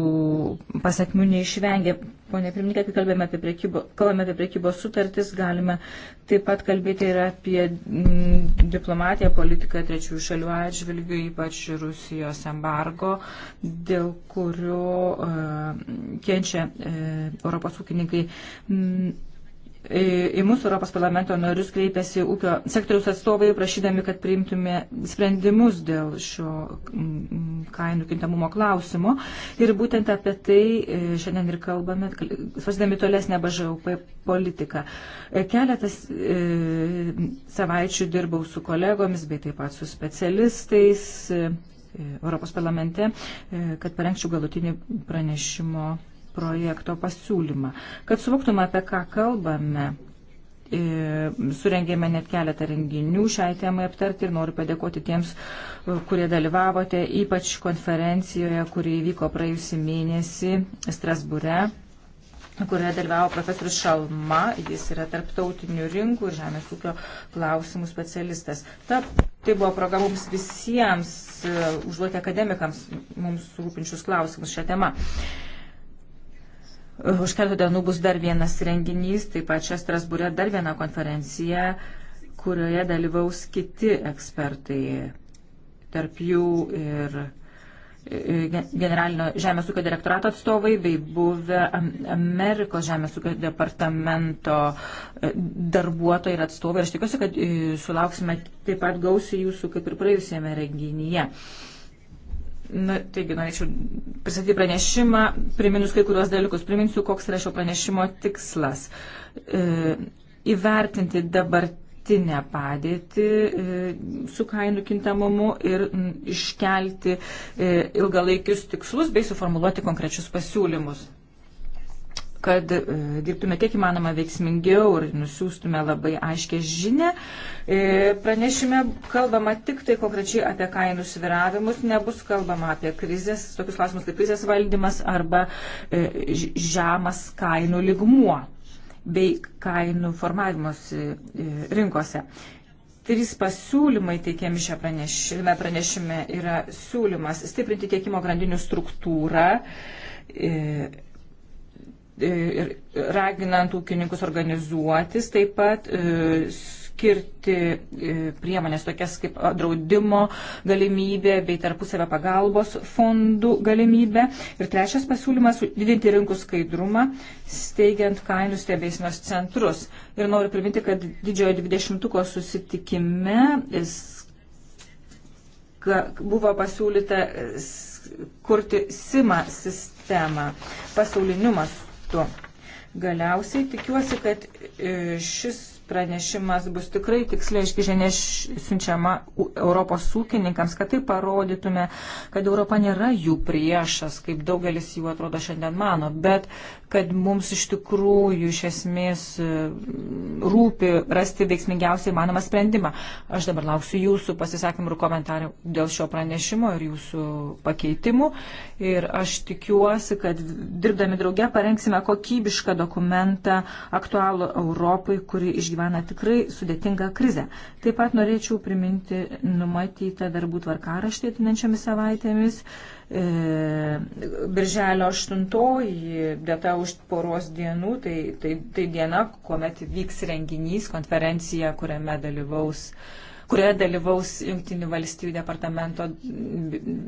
pasiekmių neišvengė. Pone Pirmininkė, kai kalbame apie, prekybo, kalbame apie prekybos sutartis, galime taip pat kalbėti ir apie mm, diplomatiją, politiką trečiųjų šalių atžvilgių, ypač Rusijos embargo, dėl kurio uh, kenčia uh, Europos ūkininkai. Mm, į mūsų Europos parlamento narius kreipėsi ūkio sektoriaus atstovai, prašydami, kad priimtume sprendimus dėl šio kainų kintamumo klausimo. Ir būtent apie tai e, šiandien ir kalbame, svarstydami tolesnę BŽUP politiką. E, keletas e, savaičių dirbau su kolegomis, bei taip pat su specialistais e, Europos parlamente, e, kad parengčiau galutinį pranešimo projekto pasiūlymą. Kad suvoktume, apie ką kalbame, e, surengėme net keletą renginių šiai temai aptarti ir noriu padėkoti tiems, e, kurie dalyvavote, ypač konferencijoje, kuri įvyko praėjusį mėnesį Strasbūre kurioje dalyvavo profesorius Šalma, jis yra tarptautinių rinkų ir žemės ūkio klausimų specialistas. Ta, tai buvo proga mums visiems uh, užduoti akademikams mums rūpinčius klausimus šią temą. Uh, Uh, už keletą dienų bus dar vienas renginys, taip pat čia Strasbūrė dar viena konferencija, kurioje dalyvaus kiti ekspertai, tarp jų ir generalinio žemės ūkio direktorato atstovai bei buvę Amerikos žemės ūkio departamento e, darbuotojai ir atstovai. Ir aš tikiuosi, kad e, sulauksime taip pat gausiai jūsų kaip ir praėjusiame renginyje. Uh, Na, taigi, norėčiau pristatyti pranešimą, priminus kai kuriuos dalykus. Priminsiu, koks yra šio pranešimo tikslas. E, įvertinti dabartinę padėtį e, su kainų kintamumu ir m, iškelti e, ilgalaikius tikslus bei suformuluoti konkrečius pasiūlymus kad e, dirbtume kiek įmanoma veiksmingiau ir nusiųstume labai aiškę žinę. E, pranešime kalbama tik tai konkrečiai apie kainų sviravimus, nebus kalbama apie krizės, tokius klausimus kaip krizės valdymas arba e, žemas kainų ligmuo bei kainų formavimus rinkose trys pasiūlymai teikiami šiame pranešime, pranešime yra siūlymas stiprinti tiekimo grandinių struktūrą, E, ir raginant ūkininkus organizuotis, taip pat e, skirti e, priemonės tokias kaip draudimo galimybė bei tarpusavę pagalbos fondų galimybė. Ir trečias pasiūlymas - didinti rinkų skaidrumą, steigiant kainų stebėsinos centrus. Ir noriu priminti, kad didžiojo dvidešimtuko susitikime buvo pasiūlyta kurti SIMA sistemą pasauliniu mastu metu. Galiausiai tikiuosi, kad e, šis pranešimas bus tikrai tiksliai iškiženė siunčiama Europos ūkininkams, kad tai parodytume, kad Europa nėra jų priešas, kaip daugelis jų atrodo šiandien mano, bet kad mums iš tikrųjų iš esmės e, rūpi rasti veiksmingiausiai manomą sprendimą. Aš dabar lauksiu jūsų pasisakymų ir komentarų dėl šio pranešimo ir jūsų pakeitimų. Ir aš tikiuosi, kad dirbdami drauge parengsime kokybišką dokumentą aktualų Europai, kuri išgyvena išgyvena tikrai sudėtingą krizę. Taip pat norėčiau priminti numatytą darbų tvarkaraštį atinančiomis savaitėmis. E, birželio 8 data už poros dienų, tai, tai, tai diena, kuomet vyks renginys, konferencija, kuriame dalyvaus kurioje dalyvaus Junktinių valstybių departamento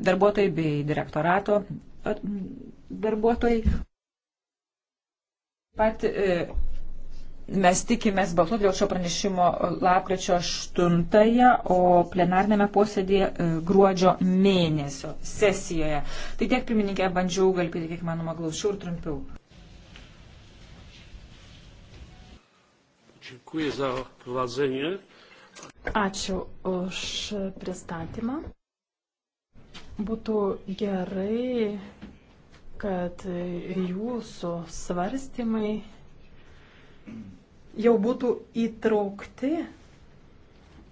darbuotojai bei direktorato darbuotojai pat e, Mes tikimės balsuoti dėl šio pranešimo lapkričio 8, o plenarnėme posėdėje e, gruodžio mėnesio sesijoje. Tai tiek, pirmininkė, bandžiau galbėti kiek manoma glaušiau ir trumpiau. Dziękuję za prowadzenie. Ačiū už pristatymą. Būtų gerai, kad jūsų svarstymai jau būtų įtraukti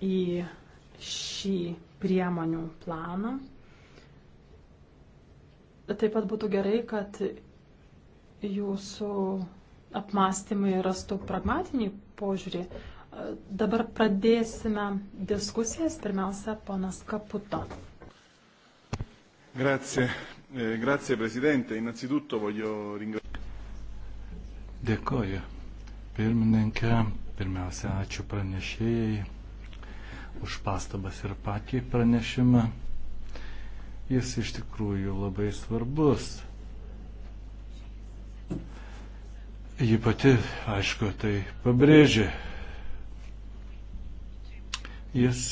į šį priemonių planą. Taip pat būtų gerai, kad jūsų apmąstymai rastų pragmatinį požiūrį. Dabar pradėsime diskusijas. Pirmiausia, ponas Kaputo. Grazie. Eh, grazie, Presidente. Innanzitutto voglio ringraziare. Dėkoju pirmininkė. Pirmiausia, ačiū pranešėjai už pastabas ir patį pranešimą. Jis iš tikrųjų labai svarbus. Ji pati, aišku, tai pabrėžė. Jis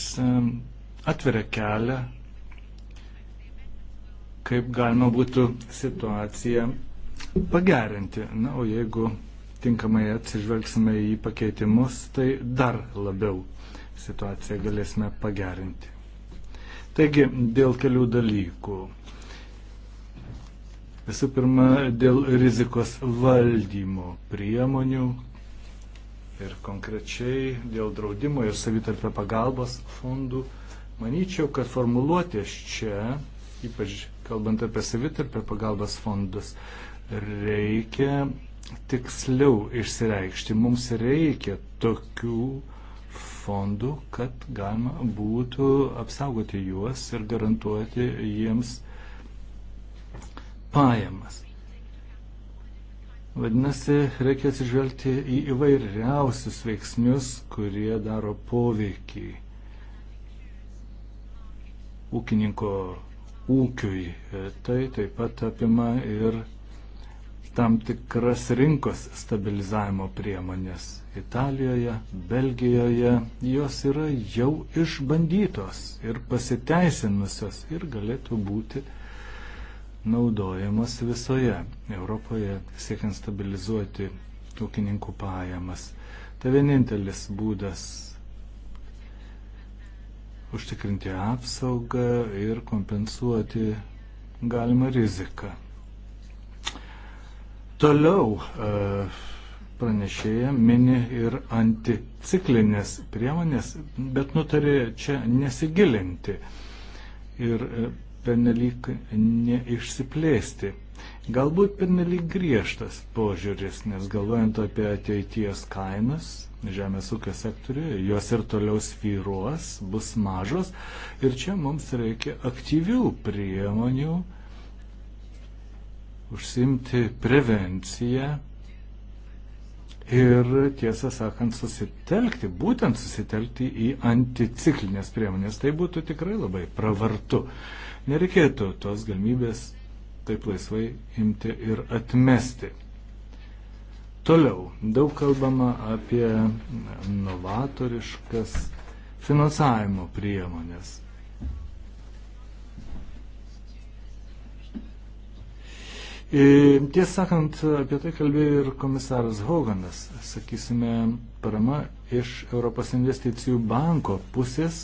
atveria kelią, kaip galima būtų situaciją pagerinti. Na, o jeigu tinkamai atsižvelgsime į pakeitimus, tai dar labiau situaciją galėsime pagerinti. Taigi, dėl kelių dalykų. Visų pirma, dėl rizikos valdymo priemonių ir konkrečiai dėl draudimo ir savitarpio pagalbos fondų. Manyčiau, kad formuluotės čia, ypač kalbant apie savitarpio pagalbos fondus, reikia tiksliau išsireikšti. Mums reikia tokių fondų, kad galima būtų apsaugoti juos ir garantuoti jiems pajamas. Vadinasi, reikia atsižvelgti į įvairiausius veiksnius, kurie daro poveikį ūkininko ūkiui. Tai taip pat apima ir tam tikras rinkos stabilizavimo priemonės. Italijoje, Belgijoje jos yra jau išbandytos ir pasiteisinusios ir galėtų būti naudojamos visoje Europoje, siekiant stabilizuoti ūkininkų pajamas. Tai vienintelis būdas užtikrinti apsaugą ir kompensuoti galimą riziką. Toliau e, pranešėja mini ir anticiklinės priemonės, bet nutarė čia nesigilinti ir e, pernelyg neišsiplėsti. Galbūt pernelyg griežtas požiūris, nes galvojant apie ateities kainas, žemės ūkio sektoriuje, jos ir toliau svyruos, bus mažos ir čia mums reikia aktyvių priemonių, uh, užsimti prevenciją ir, tiesą sakant, susitelkti, būtent susitelkti į anticiklinės priemonės. Tai būtų tikrai labai pravartu. Nereikėtų tos galimybės taip laisvai imti ir atmesti. Toliau, daug kalbama apie novatoriškas finansavimo priemonės. E, tiesą sakant, apie tai kalbėjo ir komisaras Hoganas. Sakysime, parama iš Europos investicijų banko pusės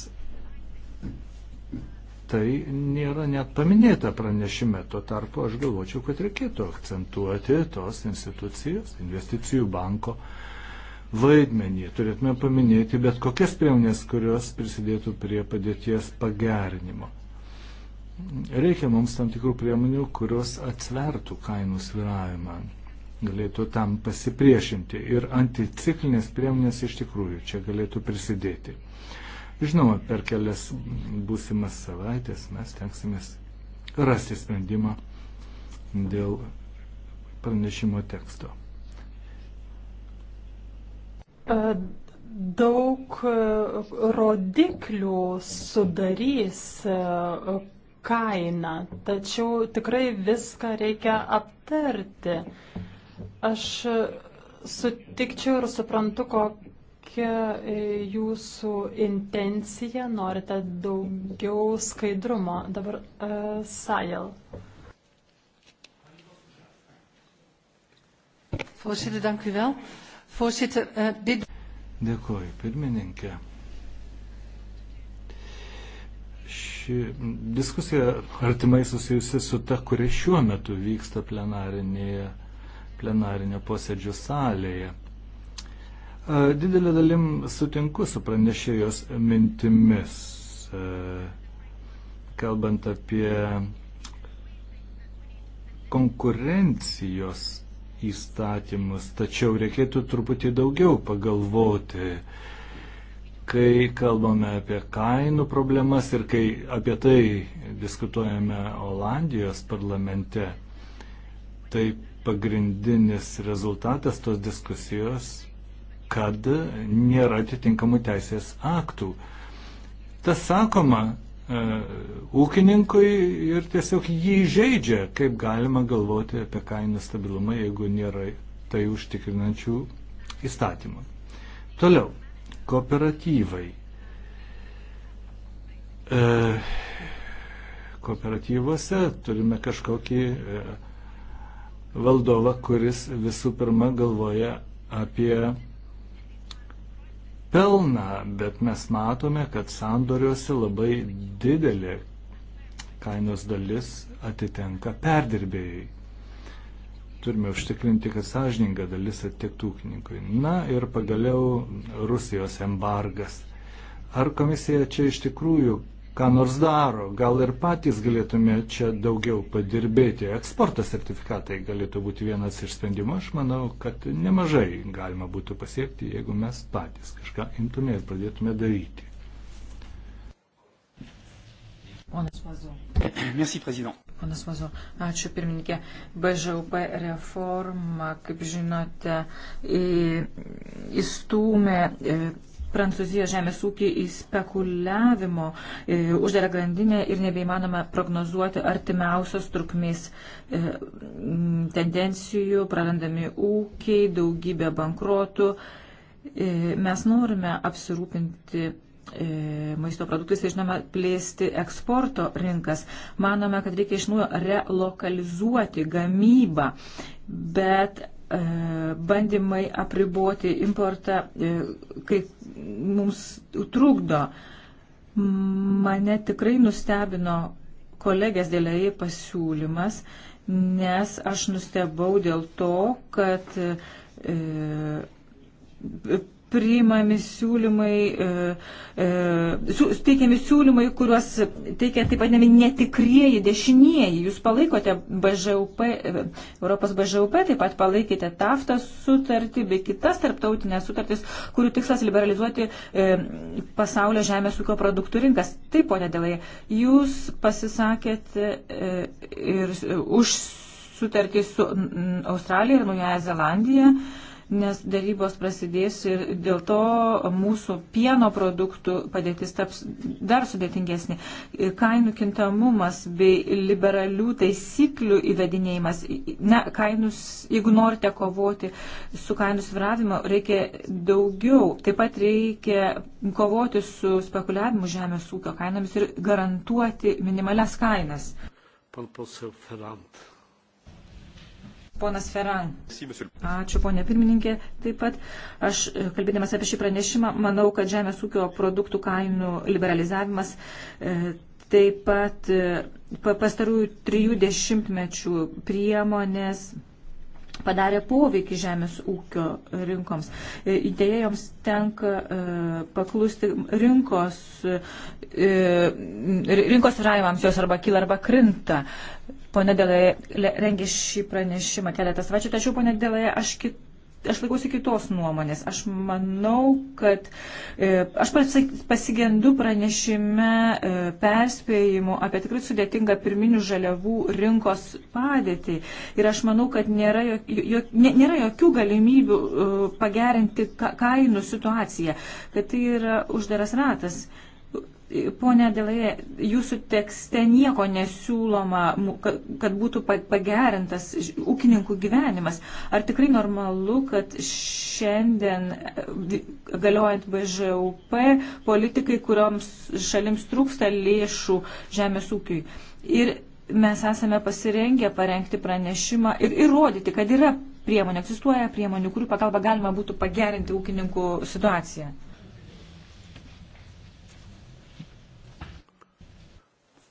tai nėra net paminėta pranešime. Tuo tarpu aš galvočiau, kad reikėtų akcentuoti tos institucijos, investicijų banko vaidmenį. Turėtume paminėti bet kokias priemonės, kurios prisidėtų prie padėties pagerinimo. Reikia mums tam tikrų priemonių, kurios atsvertų kainų sviravimą, galėtų tam pasipriešinti ir anticiklinės priemonės iš tikrųjų čia galėtų prisidėti. Žinoma, per kelias būsimas savaitės mes tenksimės rasti sprendimą dėl pranešimo teksto. E, daug e, rodiklių sudarys e, kainą, tačiau tikrai viską reikia aptarti. Aš sutikčiau ir suprantu, kokia jūsų intencija, norite daugiau skaidrumo. Dabar uh, e, Sajel. Voorzitter, dank u wel. Voorzitter, uh, dit. Dėkuoju, pirmininkė. ši diskusija artimai susijusi su ta, kuri šiuo metu vyksta plenarinio posėdžio salėje. Didelė dalim sutinku su pranešėjos mintimis, kalbant apie konkurencijos įstatymus, tačiau reikėtų truputį daugiau pagalvoti, kai kalbame apie kainų problemas ir kai apie tai diskutuojame Olandijos parlamente, tai pagrindinis rezultatas tos diskusijos, kad nėra atitinkamų teisės aktų. Tas sakoma, e, ūkininkui ir tiesiog jį žaidžia, kaip galima galvoti apie kainų stabilumą, jeigu nėra tai užtikrinančių įstatymų. Toliau kooperatyvai. E, kooperatyvose turime kažkokį e, valdovą, kuris visų pirma galvoja apie pelną, bet mes matome, kad sandoriuose labai didelė kainos dalis atitenka perdirbėjai. Turime užtikrinti, kad sąžininga dalis atitektų ūkininkui. Na ir pagaliau Rusijos embargas. Ar komisija čia iš tikrųjų ką nors daro? Gal ir patys galėtume čia daugiau padirbėti? Eksporto sertifikatai galėtų būti vienas iš sprendimų. Aš manau, kad nemažai galima būtų pasiekti, jeigu mes patys kažką imtume ir pradėtume daryti. Ponas Mazu. Merci, prezident. Panas Vazo, ačiū pirmininkė. BŽUP reforma, kaip žinote, įstūmė e, Prancūzijos žemės ūkį į spekuliavimo e, uždarą grandinę ir nebeįmanoma prognozuoti artimiausios trukmės e, tendencijų, prarandami ūkiai, daugybė bankrotų. Mes norime apsirūpinti E, maisto produktais ir tai žinoma plėsti eksporto rinkas. Manome, kad reikia iš nuojo relokalizuoti gamybą, bet e, bandymai apriboti importą, e, kai mums trukdo. Mane tikrai nustebino kolegės dėlėjai pasiūlymas, nes aš nustebau dėl to, kad e, priimami siūlymai, e, e, teikiami siūlymai, kuriuos teikia taip vadinami netikrieji dešinieji. Jūs palaikote BŽUP, Europos BŽUP, taip pat palaikėte TAFTA sutartį bei kitas tarptautinės sutartys, kurių tikslas liberalizuoti e, pasaulio žemės ūkio produktų rinkas. Taip, ponė Dėlai, jūs pasisakėte e, ir už sutartį su Australija ir Naujaja Zelandija. E, nes darybos prasidės ir dėl to mūsų pieno produktų padėtis taps dar sudėtingesnė. Kainų kintamumas bei liberalių taisyklių įvedinėjimas. Ne, kainus, jeigu norite kovoti su kainų sviravimu, reikia daugiau. Taip pat reikia kovoti su spekuliavimu žemės ūkio kainomis ir garantuoti minimales kainas. Pan poseł Ferrand. Ponas Ferran. Ačiū, ponė pirmininkė. Taip pat aš, e, kalbėdamas apie šį pranešimą, manau, kad žemės ūkio produktų kainų liberalizavimas e, taip pat e, pastarųjų trijų dešimtmečių priemonės padarė poveikį žemės ūkio rinkoms. E, Idėja joms tenka e, paklusti rinkos, e, rinkos svyravimams jos arba kyla arba krinta. Pone Dėlėje rengė šį pranešimą keletą savaičių, tačiau pone Dėlėje aš kitą aš laikausi kitos nuomonės. Aš manau, kad e, aš pasigendu pranešime e, perspėjimų apie tikrai sudėtingą pirminių žaliavų rinkos padėtį. Ir aš manau, kad nėra, jo, jo, nė, nėra jokių galimybių e, pagerinti ka, kainų situaciją, kad tai yra uždaras ratas. E, Pone Dėlėje, jūsų tekste nieko nesiūloma, kad būtų pagerintas ūkininkų gyvenimas. Ar tikrai normalu, kad šiandien e, galiojant BŽUP politikai, kurioms šalims trūksta lėšų žemės ūkiui? Ir mes esame pasirengę parengti pranešimą ir įrodyti, kad yra priemonių, egzistuoja priemonių, kurių pagalba galima būtų pagerinti ūkininkų situaciją.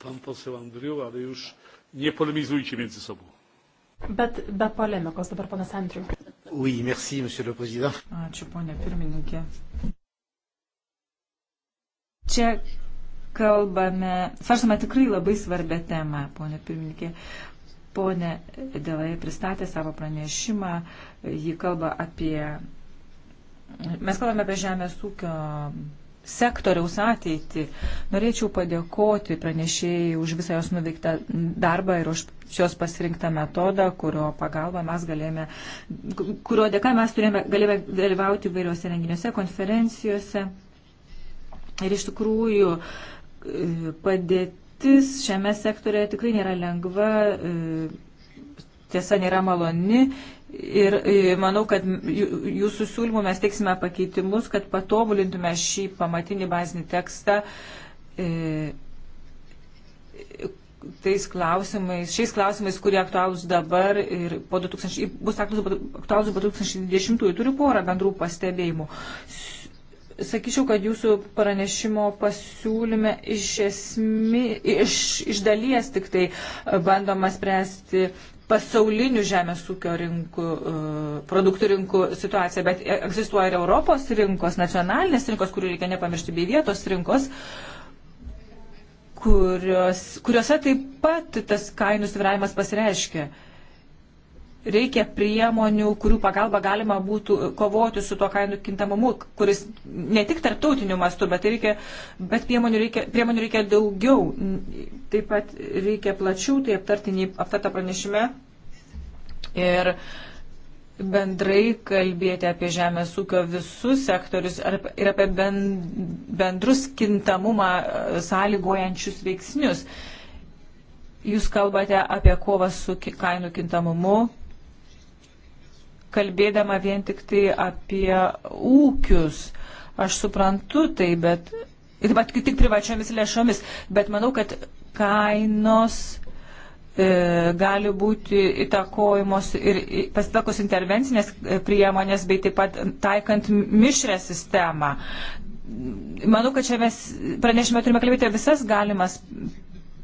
Pan poseł Andriu, ale już nie polemizujcie między sobą. Bet be polemikos dabar panas Andriu. Oui, merci, monsieur le président. Ačiū, ponė pirmininkė. Čia kalbame, svarstame tikrai labai svarbę temą, ponė pirmininkė. Pone Dėlai pristatė savo pranešimą, ji kalba apie, mes kalbame apie žemės ūkio sektoriaus ateitį. Norėčiau padėkoti pranešėjai už visą jos nuveiktą darbą ir už jos pasirinktą metodą, kurio pagalba mes galėjome, kurio dėka mes turėjome, galėjome dalyvauti vairiuose renginiuose, konferencijose. Ir iš tikrųjų e, padėtis šiame sektorėje tikrai nėra lengva, e, tiesa nėra maloni Ir e, manau, kad jūsų siūlymų mes teiksime pakeitimus, kad patobulintume šį pamatinį bazinį tekstą e, tais klausimais, šiais klausimais, kurie aktualūs dabar ir po 2000, bus aktualūs po 2020-ųjų. Turiu porą bendrų pastebėjimų. Sakyčiau, kad jūsų pranešimo pasiūlyme iš, esmi, iš, iš dalies tik tai bandoma spręsti pasaulinių žemės ūkio rinkų, e, produktų rinkų situacija, bet egzistuoja ir Europos rinkos, nacionalinės rinkos, kurių reikia nepamiršti, bei vietos rinkos, kurios, kuriuose taip pat tas kainų sviravimas pasireiškia reikia priemonių, kurių pagalba galima būtų kovoti su to kainų kintamumu, kuris ne tik tarptautiniu mastu, bet, reikia, bet priemonių, reikia, priemonių reikia daugiau. Taip pat reikia plačių, tai aptarta pranešime. Ir bendrai kalbėti apie žemės ūkio visus sektorius ir apie bendrus kintamumą e, sąlygojančius veiksnius. Jūs kalbate apie kovą su kainų kintamumu, kalbėdama vien tik tai apie ūkius. Aš suprantu tai, bet ir bet tik privačiomis lėšomis, bet manau, kad kainos e, gali būti įtakojamos ir pasitakus intervencinės e, priemonės, bei taip pat taikant mišrę sistemą. Manau, kad čia mes pranešime turime kalbėti visas galimas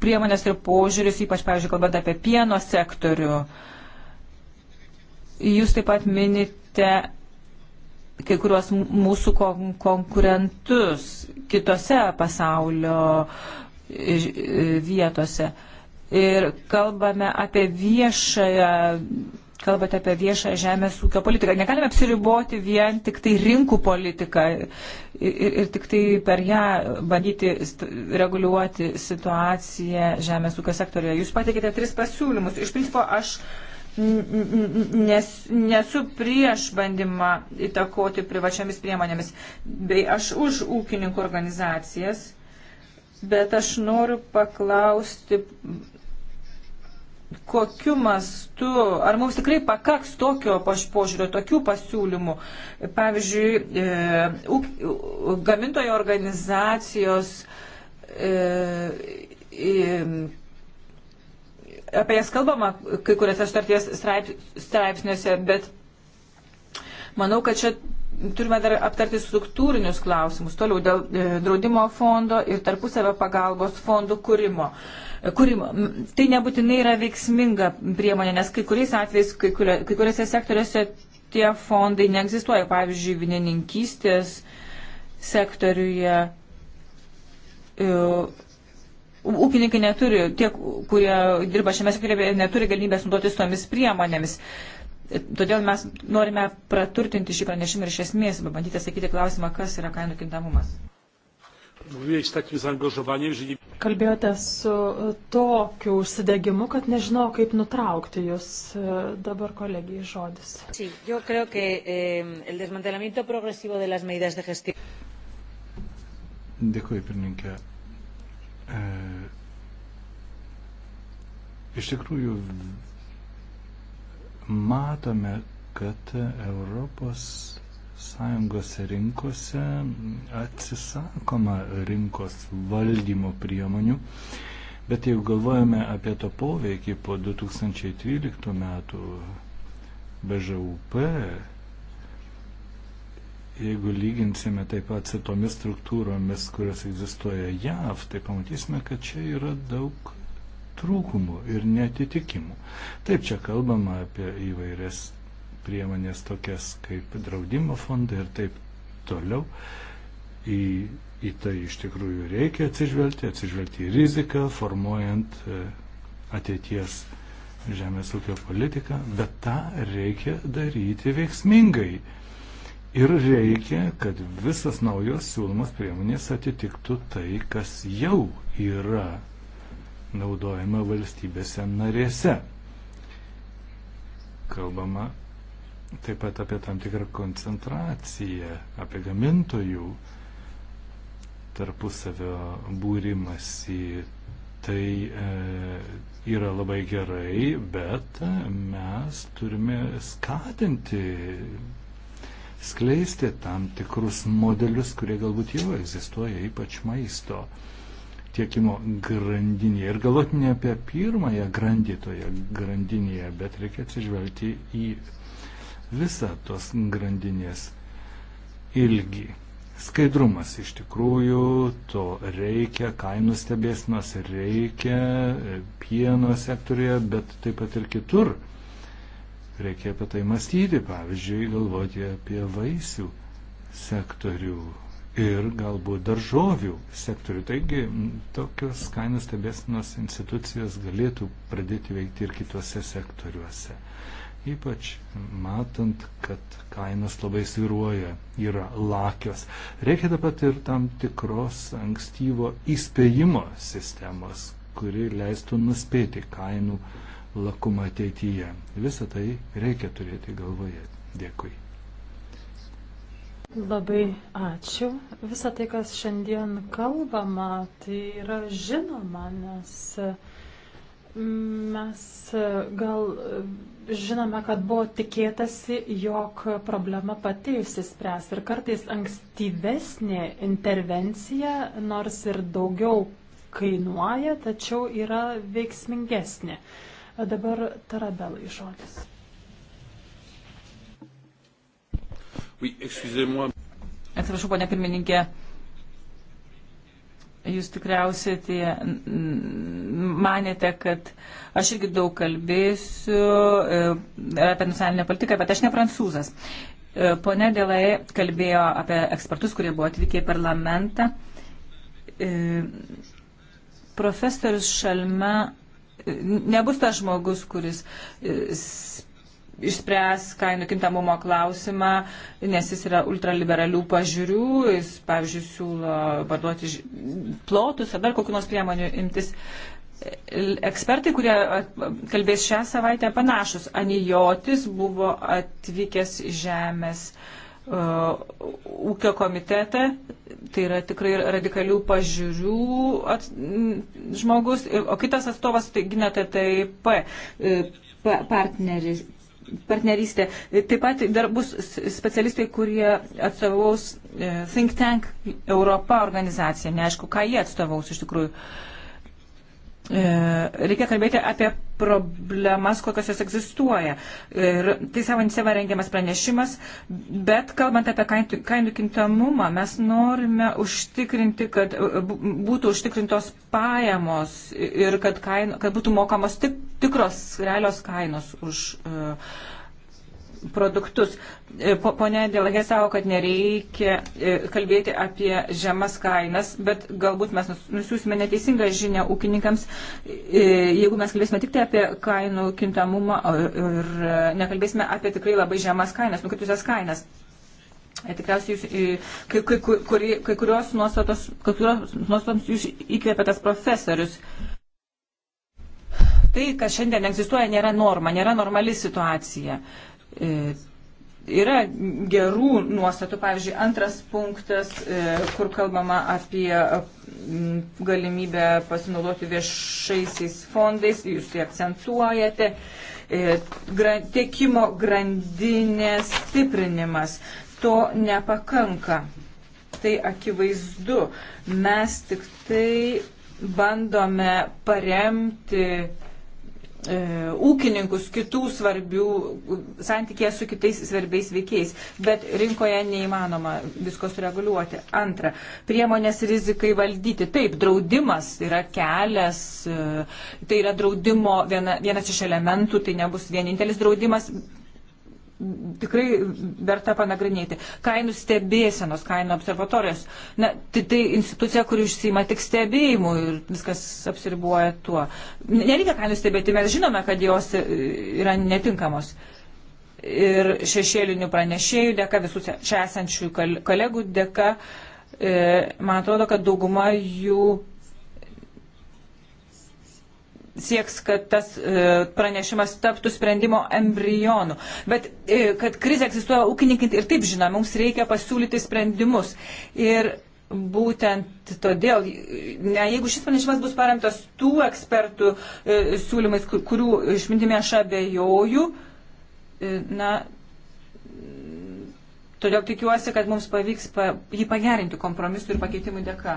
priemonės ir požiūris, ypač, pavyzdžiui, kalbant apie pieno sektorių. E, Jūs taip pat minite kai kuriuos mūsų konkurentus kitose pasaulio vietose. Ir kalbame apie viešąją, kalbate apie viešąją žemės ūkio politiką. Negalime apsiriboti vien tik tai rinkų politiką ir, ir, ir tik tai per ją bandyti reguliuoti situaciją žemės ūkio sektorijoje. Jūs pateikite tris pasiūlymus. Iš principo aš uh, nes, nesu prieš bandymą įtakoti privačiamis priemonėmis, bei aš už ūkininkų organizacijas, bet aš noriu paklausti, kokiu mastu, ar mums tikrai pakaks tokio požiūrio, tokių pasiūlymų. Pavyzdžiui, e, gamintojo organizacijos e, e, apie jas kalbama kai kuriuose sutarties straip, straipsniuose, bet manau, kad čia turime dar aptarti struktūrinius klausimus. Toliau dėl e, draudimo fondo ir tarpusavio pagalbos fondų kūrimo. E, kūrimo. Tai nebūtinai yra veiksminga priemonė, nes kai kuriais atvejais, kai, kurio, kai kuriuose sektoriuose tie fondai neegzistuoja. Pavyzdžiui, vienininkystės sektoriuje. Uh, ūkininkai neturi, tie, kurie dirba šiame sektoriuje, neturi galimybės naudotis tomis priemonėmis. Todėl mes norime praturtinti šį pranešimą ir iš esmės bandyti atsakyti klausimą, kas yra kainų kintamumas. Kalbėjote su tokiu užsidegimu, kad nežinau, kaip nutraukti jūs dabar kolegijai žodis. Dėkui, pirmininkė. E, Iš tikrųjų, matome, kad Europos Sąjungos rinkose atsisakoma rinkos valdymo priemonių, bet jeigu galvojame apie to poveikį po 2013 metų BŽUP, jeigu lyginsime taip pat su tomis struktūromis, kurios egzistuoja JAV, tai pamatysime, kad čia yra daug trūkumų ir netitikimų. Taip čia kalbama apie įvairias priemonės tokias kaip draudimo fondai ir taip toliau. Į, į tai iš tikrųjų reikia atsižvelgti, atsižvelgti į riziką, formuojant e, ateities žemės ūkio politiką, bet tą reikia daryti veiksmingai. Ir reikia, kad visas naujos siūlomas priemonės atitiktų tai, kas jau yra naudojama valstybėse narėse. Kalbama taip pat apie tam tikrą koncentraciją, apie gamintojų tarpusavio būrimasi. Tai e, yra labai gerai, bet mes turime skatinti, skleisti tam tikrus modelius, kurie galbūt jau egzistuoja, ypač maisto e, tiekimo grandinėje. Ir galvoti ne apie pirmąją grandį toje grandinėje, bet reikia atsižvelgti į visą tos grandinės ilgį. Skaidrumas iš tikrųjų, to reikia, kainų stebėsnos reikia, pieno sektorėje, bet taip pat ir kitur. Reikia apie tai mąstyti, pavyzdžiui, galvoti apie vaisių sektorių ir galbūt daržovių sektorių. Taigi tokios kainų stebėsinos institucijos galėtų pradėti veikti ir kitose sektoriuose. Ypač matant, kad kainos labai sviruoja, yra lakios. Reikia taip pat ir tam tikros ankstyvo įspėjimo sistemos, kuri leistų nuspėti kainų lakumą ateityje. Visą tai reikia turėti galvoje. Dėkui. Labai ačiū. Visą tai, kas šiandien kalbama, tai yra žinoma, nes mm, mes gal žinome, kad buvo tikėtasi, jog problema pati išsispręs ir kartais ankstyvesnė intervencija, nors ir daugiau kainuoja, tačiau yra veiksmingesnė. Dabar tarabelai žodis. Oui, Atsiprašau, ponia pirmininkė, jūs tikriausiai tai manėte, kad aš irgi daug kalbėsiu e, apie nacionalinę politiką, bet aš ne prancūzas. E, Pone Dėlai kalbėjo apie ekspertus, kurie buvo atvykę į parlamentą. E, profesorius Šalme nebus tas žmogus, kuris išspręs kainų kintamumo klausimą, nes jis yra ultraliberalių pažiūrių, jis, pavyzdžiui, siūlo parduoti plotus ar dar kokiu nors priemonių imtis. Ekspertai, kurie kalbės šią savaitę, panašus. Anijotis buvo atvykęs žemės uh, ūkio komitetą, tai yra tikrai radikalių pažiūrių at, m, žmogus, o kitas atstovas tai gina TTIP e, partneris, partnerystė. Taip pat dar bus specialistai, kurie atstovaus e, Think Tank Europa organizaciją. Neaišku, ką jie atstovaus iš tikrųjų. Uh, E, reikia kalbėti apie problemas, kokios jos egzistuoja. Ir tai savo iniciatyva rengiamas pranešimas, bet kalbant apie kainų kintamumą, mes norime užtikrinti, kad e, būtų užtikrintos pajamos ir kad, kaino, kad būtų mokamos tik, tikros realios kainos už uh, produktus. E, Pone Dėlagė savo, kad nereikia e, kalbėti apie žemas kainas, bet galbūt mes nusiūsime neteisingą žinę ūkininkams, e, jeigu mes kalbėsime tik tai apie kainų kintamumą ir nekalbėsime apie tikrai labai žemas kainas, nukritusias kainas. Tikriausiai jūs, kai, kai, kai, kai kurios nuostatos, kai kurios nuostatoms jūs įkvėpė tas profesorius. Tai, kas šiandien egzistuoja, nėra norma, nėra normali situacija. E, yra gerų nuostatų, pavyzdžiui, antras punktas, e, kur kalbama apie mm, galimybę pasinaudoti viešaisiais fondais, jūs tai akcentuojate, e, tiekimo grandinės stiprinimas. To nepakanka. Tai akivaizdu. Mes tik tai bandome paremti E, ūkininkus, kitų svarbių santykėje su kitais svarbiais veikiais, bet rinkoje neįmanoma visko sureguliuoti. Antra, priemonės rizikai valdyti. Taip, draudimas yra kelias, e, tai yra draudimo viena, vienas iš elementų, tai nebus vienintelis draudimas, tikrai verta panagrinėti. Kainų stebėsenos, kainų observatorijos. Na, tai, tai institucija, kuri užsima tik stebėjimu ir viskas apsiribuoja tuo. Nereikia kainų stebėti, mes žinome, kad jos yra netinkamos. Ir šešėlinių pranešėjų dėka, visų čia esančių kolegų dėka, e, man atrodo, kad dauguma jų sieks, kad tas e, pranešimas taptų sprendimo embrionu. Bet e, kad krizė egzistuoja ūkininkinti ir taip žinoma, mums reikia pasiūlyti sprendimus. Ir būtent todėl, ne, jeigu šis pranešimas bus paremtas tų ekspertų e, siūlymais, kurių išmintimi aš abejoju, na, Todėl tikiuosi, kad mums pavyks pa, jį pagerinti kompromisų ir pakeitimų dėka.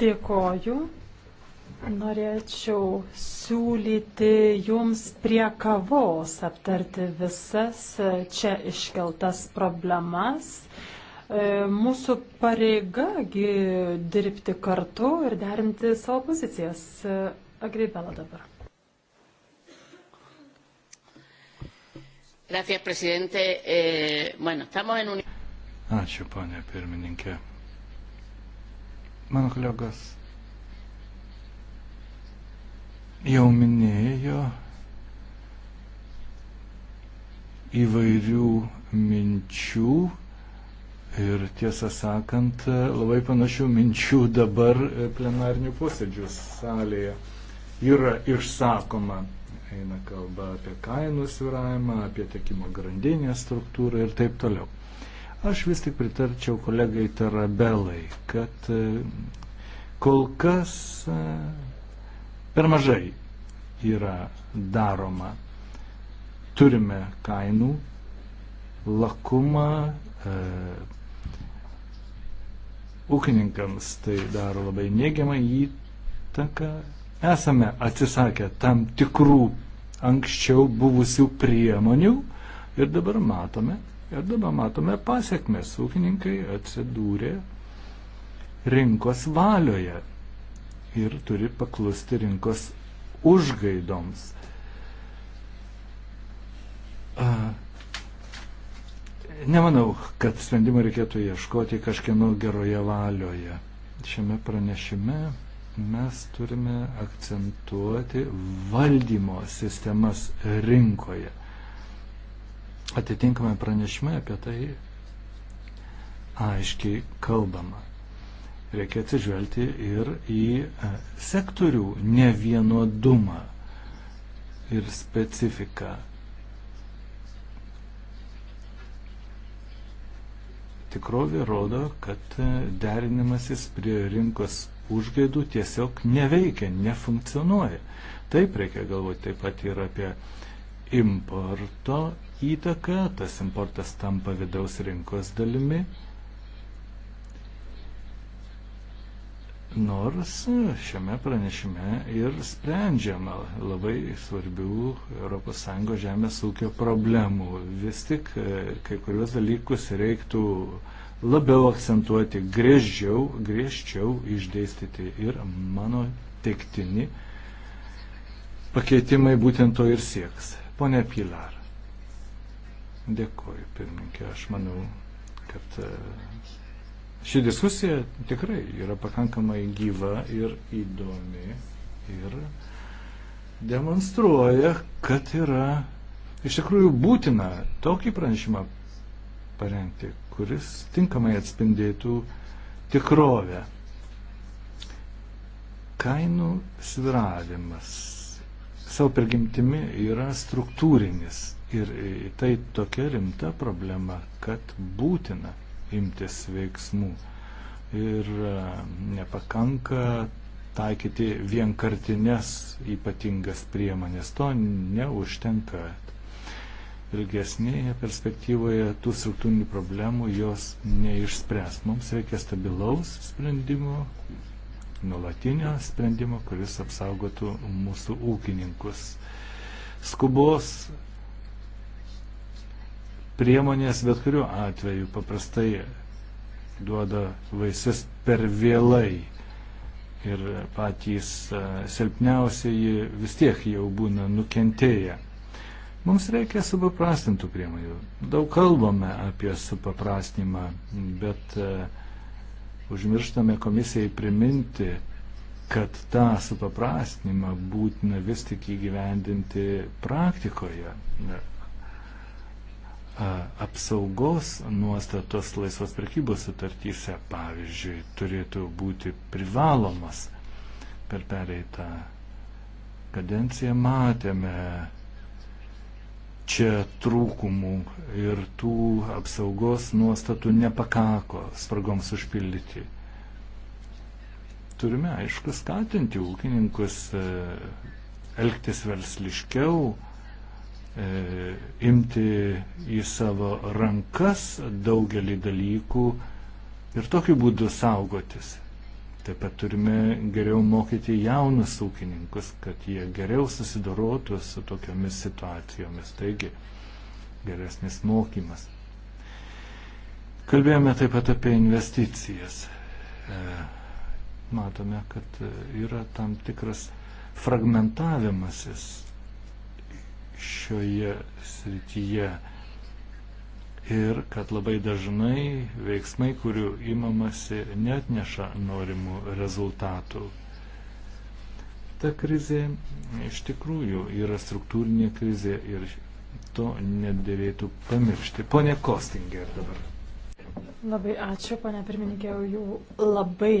Dėkoju. Norėčiau siūlyti jums prie kavos aptarti visas čia iškeltas problemas. E, mūsų pareigagi dirbti kartu ir derinti savo pozicijas. E, Agribela dabar. Gracias, presidente. Eh, bueno, estamos en un... Ačiū, ponė pirmininkė. Mano kolegos jau minėjo įvairių minčių ir tiesą sakant, labai panašių minčių dabar plenarnių posėdžių salėje yra išsakoma. Eina kalba apie kainų sviravimą, apie tiekimo grandinę struktūrą ir taip toliau. Aš vis tik pritarčiau kolegai Tarabelai, kad e, kol kas e, Per mažai yra daroma. Turime kainų lakumą, e, ūkininkams tai daro labai neigiamą įtaką. Esame atsisakę tam tikrų anksčiau buvusių priemonių ir dabar matome, ir dabar matome pasiekmes. Ūkininkai atsidūrė rinkos valioje ir turi paklusti rinkos užgaidoms. Nemanau, kad sprendimą reikėtų ieškoti kažkieno geroje valioje. Šiame pranešime mes turime akcentuoti valdymo sistemas rinkoje. Atitinkamai pranešime apie tai aiškiai kalbama reikia atsižvelgti ir į e, sektorių nevienodumą ir specifiką. Tikrovė rodo, kad e, derinimasis prie rinkos užgaidų tiesiog neveikia, nefunkcionuoja. Taip reikia galvoti taip pat ir apie importo įtaką, tas importas tampa vidaus rinkos dalimi. Nors šiame pranešime ir sprendžiama labai svarbių ES žemės ūkio problemų. Vis tik e, kai kurios dalykus reiktų labiau akcentuoti, griežčiau, griežčiau išdėstyti ir mano teiktini pakeitimai būtent to ir sieks. Pone Pilar. Dėkoju, pirmininkė. Aš manau, kad e, Ši diskusija tikrai yra pakankamai gyva ir įdomi ir demonstruoja, kad yra iš tikrųjų būtina tokį pranešimą parengti, kuris tinkamai atspindėtų tikrovę. Kainų sviravimas savo pergimtimi yra struktūrinis ir tai tokia rimta problema, kad būtina imtis veiksmų. Ir e, nepakanka taikyti vienkartinės ypatingas priemonės. To neužtenka. Ilgesnėje perspektyvoje tų struktūrinių problemų jos neišspręs. Mums reikia stabilaus sprendimo, nulatinio sprendimo, kuris apsaugotų mūsų ūkininkus. Skubos priemonės bet kuriuo atveju paprastai duoda vaisius per vėlai. Ir patys e, silpniausiai vis tiek jau būna nukentėję. Mums reikia supaprastintų priemonių. Daug kalbame apie supaprastinimą, bet e, užmirštame komisijai priminti, kad tą supaprastinimą būtina vis tik įgyvendinti praktikoje apsaugos nuostatos laisvos prekybos sutartyse, pavyzdžiui, turėtų būti privalomas. Per pereitą kadenciją matėme čia trūkumų ir tų apsaugos nuostatų nepakako spragoms užpildyti. Turime, aišku, skatinti ūkininkus e, elgtis versliškiau, E, imti į savo rankas daugelį dalykų ir tokiu būdu saugotis. Taip pat turime geriau mokyti jaunus ūkininkus, kad jie geriau susidorotų su tokiomis situacijomis. Taigi, geresnis mokymas. Kalbėjome taip pat apie investicijas. E, matome, kad yra tam tikras fragmentavimasis šioje srityje. Ir kad labai dažnai veiksmai, kurių imamasi, net neša norimų rezultatų. Ta krizė iš tikrųjų yra struktūrinė krizė ir to nedėlėtų pamiršti. Pone Kostinger dabar. Labai ačiū, ponia pirmininkė, jau labai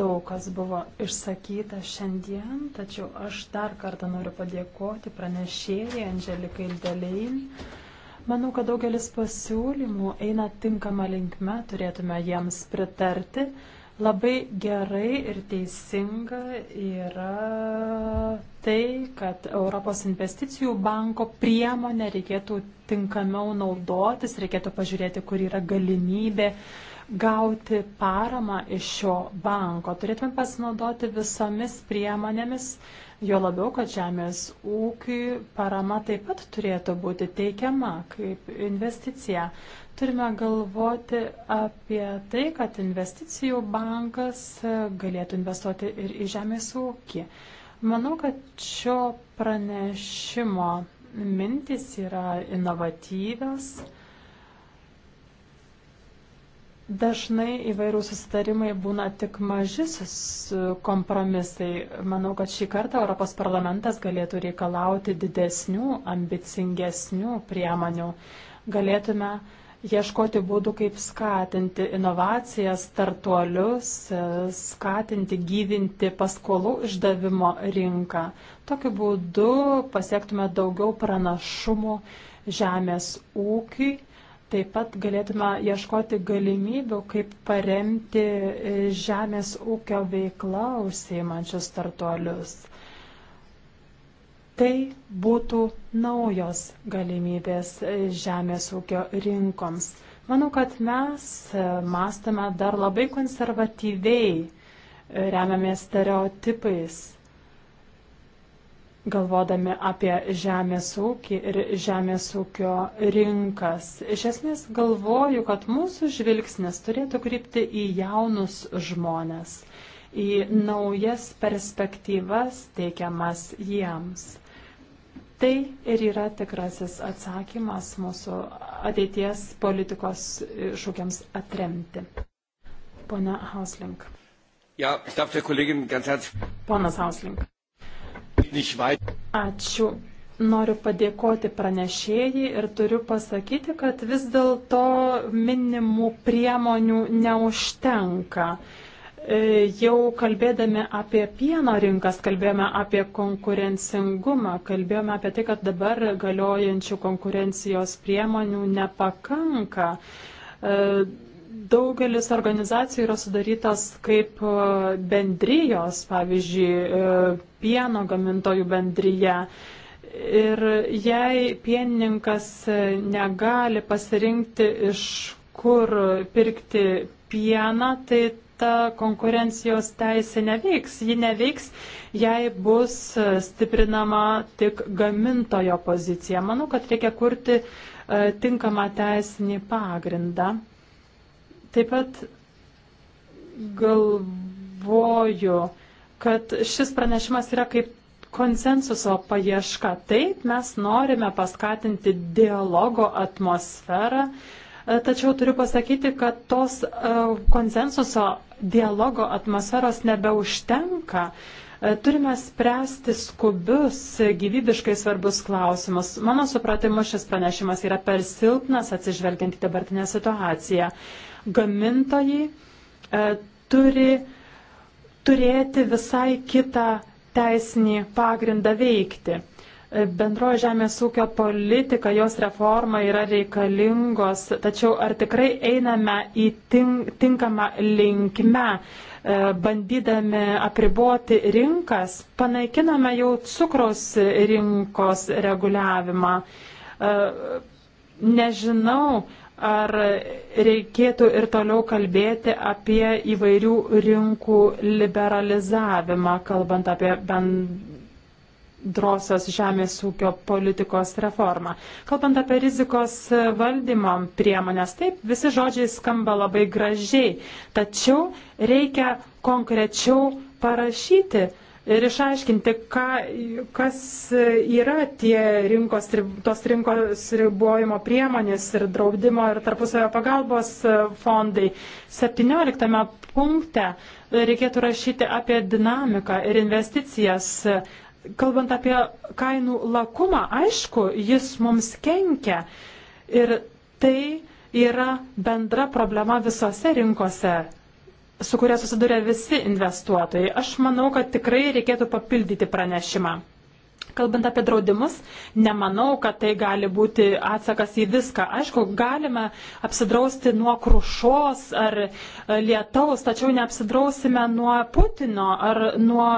daug kas buvo išsakyta šiandien, tačiau aš dar kartą noriu padėkoti pranešėjai Angelikai Delein. Manau, kad daugelis pasiūlymų eina tinkama linkme, turėtume jiems pritarti. Labai gerai ir teisinga yra tai, kad Europos investicijų banko priemonę reikėtų tinkamiau naudotis, reikėtų pažiūrėti, kur yra galimybė gauti paramą iš šio banko. Turėtume pasinaudoti visomis priemonėmis, jo labiau, kad žemės ūkiui parama taip pat turėtų būti teikiama kaip investicija. Turime galvoti apie tai, kad investicijų bankas galėtų investuoti ir į žemės ūkį. Manau, kad šio pranešimo mintis yra inovatyvios. Dažnai įvairių susitarimai būna tik mažis kompromisai. Manau, kad šį kartą Europos parlamentas galėtų reikalauti didesnių, ambicingesnių priemonių. Galėtume uh, ieškoti būdų, kaip skatinti inovacijas, startuolius, e, skatinti, gyvinti paskolų išdavimo rinką. Tokiu būdu pasiektume daugiau pranašumų žemės ūkiui. Taip pat galėtume ieškoti galimybių, kaip paremti e, žemės ūkio veiklą užsieimančius startuolius. Tai būtų naujos galimybės e, žemės ūkio rinkoms. Manau, kad mes e, mąstame dar labai konservatyviai, e, remiamės stereotipais, galvodami apie žemės ūkį ir žemės ūkio rinkas. Iš esmės galvoju, kad mūsų žvilgsnis turėtų krypti į jaunus žmonės, į naujas perspektyvas teikiamas jiems. Tai ir yra tikrasis atsakymas mūsų ateities politikos šūkiams atremti. Pone Hauslink. Ja, ich darf der Kollegin ganz herzlich. Ponas Hauslink. Ačiū. Noriu padėkoti pranešėjai ir turiu pasakyti, kad vis dėlto minimų priemonių neužtenka. Uh, E, jau kalbėdami apie pieno rinkas, kalbėjome apie konkurencingumą, kalbėjome apie tai, kad dabar galiojančių konkurencijos priemonių nepakanka. E, daugelis organizacijų yra sudarytas kaip e, bendrijos, pavyzdžiui, pieno gamintojų bendryje. Ir jei pienininkas negali pasirinkti, iš kur pirkti pieną, tai ta konkurencijos teisė neveiks. Ji neveiks, jei bus stiprinama tik gamintojo pozicija. Manau, kad reikia kurti e, tinkamą teisinį pagrindą. Taip pat galvoju, kad šis pranešimas yra kaip konsensuso paieška. Taip, mes norime paskatinti dialogo atmosferą, uh, E, tačiau turiu pasakyti, kad tos e, konsensuso dialogo atmosferos nebeužtenka. E, turime spręsti skubius, gyvybiškai svarbus klausimus. Mano supratimu, šis pranešimas yra per silpnas atsižvelgiant į dabartinę situaciją. Gamintojai e, turi turėti visai kitą teisinį pagrindą veikti. Bendroji žemės ūkio politika, jos reforma yra reikalingos, tačiau ar tikrai einame į tinkamą linkmę, e, bandydami apriboti rinkas, panaikiname jau cukraus rinkos reguliavimą. E, nežinau, ar reikėtų ir toliau kalbėti apie įvairių rinkų liberalizavimą, kalbant apie bendrą bendrosios žemės ūkio politikos reformą. Kalbant apie rizikos valdymo priemonės, taip, visi žodžiai skamba labai gražiai, tačiau reikia konkrečiau parašyti ir išaiškinti, ką, kas yra tie rinkos, tos rinkos ribojimo priemonės ir draudimo ir tarpusavio pagalbos fondai. 17 punkte reikėtų rašyti apie dinamiką ir investicijas kalbant apie kainų lakumą, aišku, jis mums kenkia. Ir tai yra bendra problema visose rinkose su kuria susiduria visi investuotojai. Aš manau, kad tikrai reikėtų papildyti pranešimą. Kalbant apie draudimus, nemanau, kad tai gali būti atsakas į viską. Aišku, galime apsidrausti nuo krušos ar e, lietaus, tačiau neapsidrausime nuo Putino ar nuo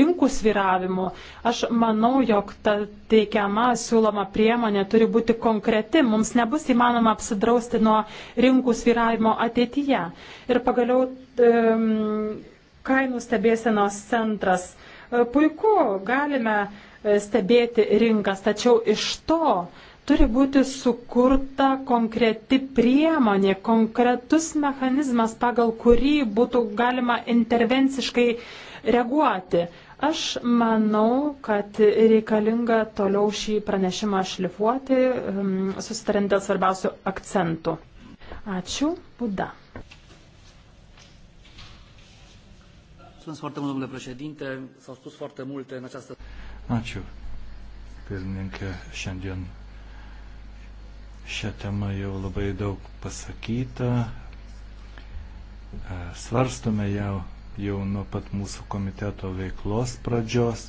rinkų sviravimų. Aš manau, jog ta teikiama siūloma priemonė turi būti konkreti. Mums nebus įmanoma apsidrausti nuo rinkų sviravimo ateityje. Ir pagaliau kainų stebėsenos centras e, puiku, galime E, stebėti rinkas, tačiau iš to turi būti sukurta konkreti priemonė, konkretus mechanizmas, pagal kurį būtų galima intervenciškai reaguoti. Aš manau, kad reikalinga toliau šį pranešimą šlifuoti, susitarint dėl svarbiausių akcentų. Ačiū, Buda. Mulțumesc foarte mult, domnule președinte. S-au spus foarte multe în această... Ačiū. Pirmininkė, šiandien šią temą jau labai daug pasakyta. E, svarstome jau, jau nuo pat mūsų komiteto veiklos pradžios.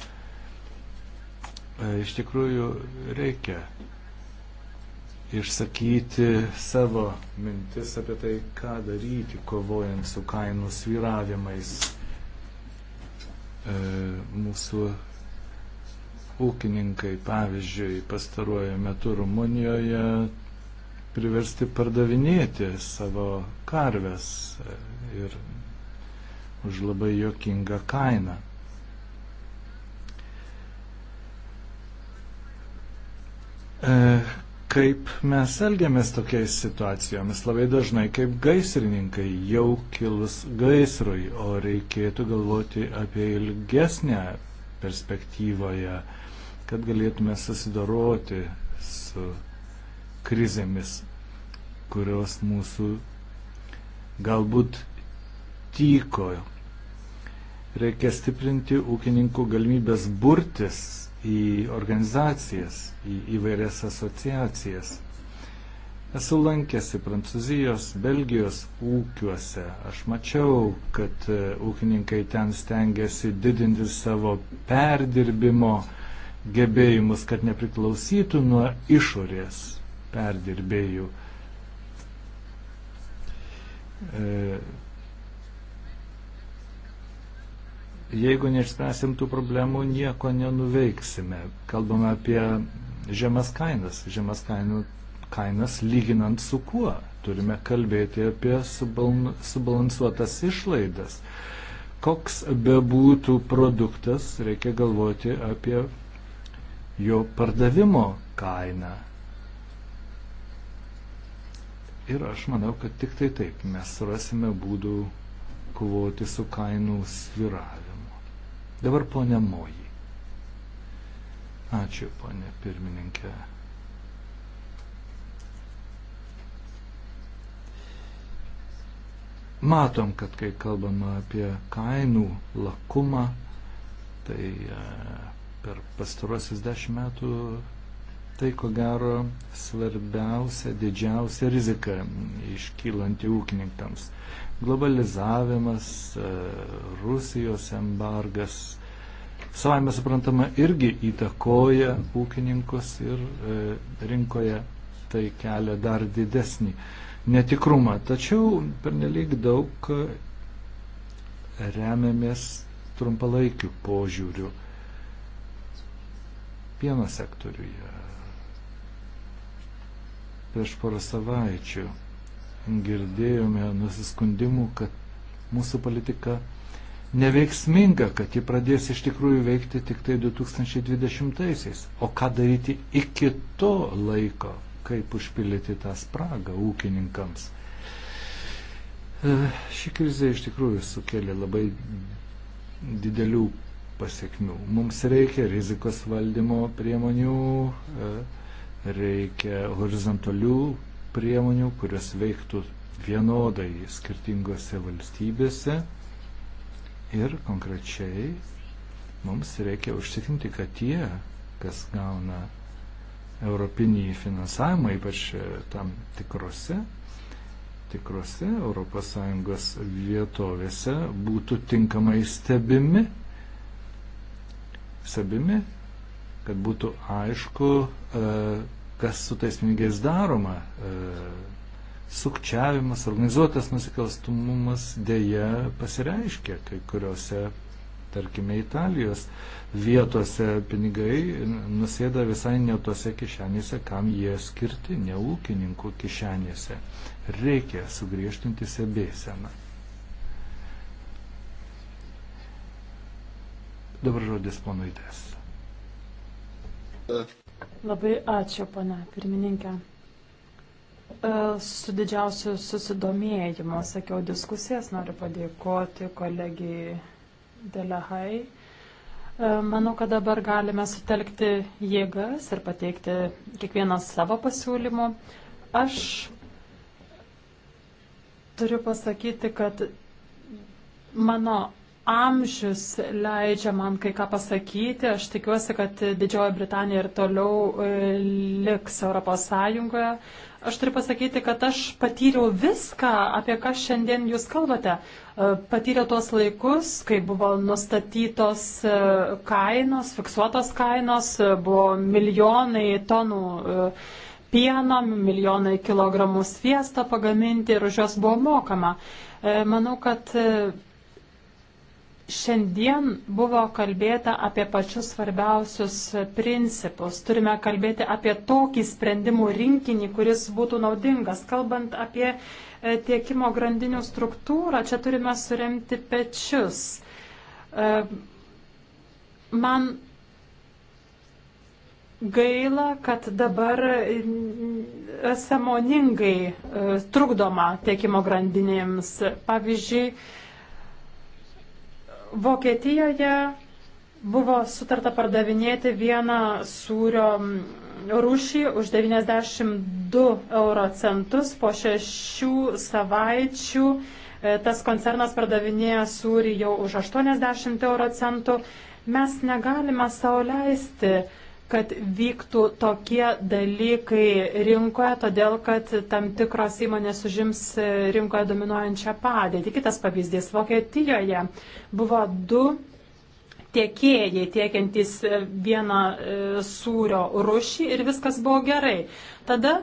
E, iš tikrųjų, reikia išsakyti savo mintis apie tai, ką daryti, kovojant su kainų svyravimais. E, mūsų ūkininkai, pavyzdžiui, pastaruoju metu Rumunijoje priversti pardavinėti savo karves e, ir už labai jokingą kainą. E, kaip mes elgiamės tokiais situacijomis? Labai dažnai kaip gaisrininkai jau kilus gaisrui, o reikėtų galvoti apie ilgesnę perspektyvoje, kad galėtume susidoroti su krizėmis, kurios mūsų galbūt tykojo. Reikia stiprinti ūkininkų galimybės burtis į organizacijas, į įvairias asociacijas. Esu lankėsi Prancūzijos, Belgijos ūkiuose. Aš mačiau, kad e, ūkininkai ten stengiasi didinti savo perdirbimo gebėjimus, kad nepriklausytų nuo išorės perdirbėjų. E, jeigu neišspręsim tų problemų, nieko nenuveiksime. Kalbame apie žemas kainas. Žemas kainų kainas lyginant su kuo. Turime kalbėti apie subalansuotas išlaidas. Koks bebūtų produktas, reikia galvoti apie jo pardavimo kainą. Ir aš manau, kad tik tai taip mes surasime būdų kovoti su kainų sviravimu. Dabar ponia Moji. Ačiū, ponia pirmininkė. matom, kad kai kalbama apie kainų lakumą, tai e, per pastarosius dešimt metų tai ko gero svarbiausia, didžiausia rizika iškylanti ūkininkams. Globalizavimas, e, Rusijos embargas, savame suprantama, irgi įtakoja ūkininkus ir e, rinkoje tai kelia dar didesnį netikrumą. Tačiau pernelyg daug remiamės trumpalaikių požiūrių pieno sektoriuje. Prieš porą savaičių girdėjome nusiskundimų, kad mūsų politika neveiksminga, kad ji pradės iš tikrųjų veikti tik tai 2020-aisiais. O ką daryti iki to laiko? kaip užpildyti tą spragą ūkininkams. E, ši krizė iš tikrųjų sukėlė labai didelių pasiekmių. Mums reikia rizikos valdymo priemonių, e, reikia horizontalių priemonių, kurios veiktų vienodai skirtingose valstybėse ir konkrečiai mums reikia užtikrinti, kad tie, kas gauna europinį finansavimą, ypač e, tam tikrose, tikrose ES vietovėse būtų tinkamai stebimi, stebimi, kad būtų aišku, e, kas su tais pinigais daroma. E, sukčiavimas, organizuotas nusikalstumumas dėja pasireiškia kai kuriuose tarkime, Italijos vietose pinigai nusėda visai ne tose kišenėse, kam jie skirti, ne ūkininkų kišenėse. Reikia sugriežtinti sebėseną. Dabar žodis ponui Des. Labai ačiū, pana pirmininkė. E, su didžiausiu susidomėjimu sakiau diskusijas, noriu padėkoti kolegijai Delahai. E, manau, kad dabar galime sutelkti jėgas ir pateikti kiekvieną savo pasiūlymų. Aš turiu pasakyti, kad mano amžius leidžia man kai ką pasakyti. Aš tikiuosi, kad Didžioji Britanija ir toliau e, liks Europos Sąjungoje. Aš turiu pasakyti, kad aš patyriau viską, apie ką šiandien jūs kalbate. E, patyriau tuos laikus, kai buvo nustatytos e, kainos, fiksuotos kainos, e, buvo milijonai tonų pieno, milijonai kilogramų sviesto pagaminti ir už juos buvo mokama. Manau, kad Šiandien buvo kalbėta apie pačius svarbiausius principus. Turime kalbėti apie tokį sprendimų rinkinį, kuris būtų naudingas. Kalbant apie e, tiekimo grandinių struktūrą, čia turime suremti pečius. E, man gaila, kad dabar e, samoningai trukdoma tiekimo grandinėms. Pavyzdžiui, Vokietijoje buvo sutarta pardavinėti vieną sūrio rūšį už 92 euro centus. Po šešių savaičių e, tas koncernas pardavinėja sūrį jau už 80 euro centų. Mes negalime sauliaisti leisti kad vyktų tokie dalykai rinkoje, todėl kad tam tikros įmonės užims rinkoje dominuojančią padėtį. Kitas pavyzdys - Vokietijoje buvo du tiekėjai tiekiantys vieną e, sūrio rušį ir viskas buvo gerai. Tada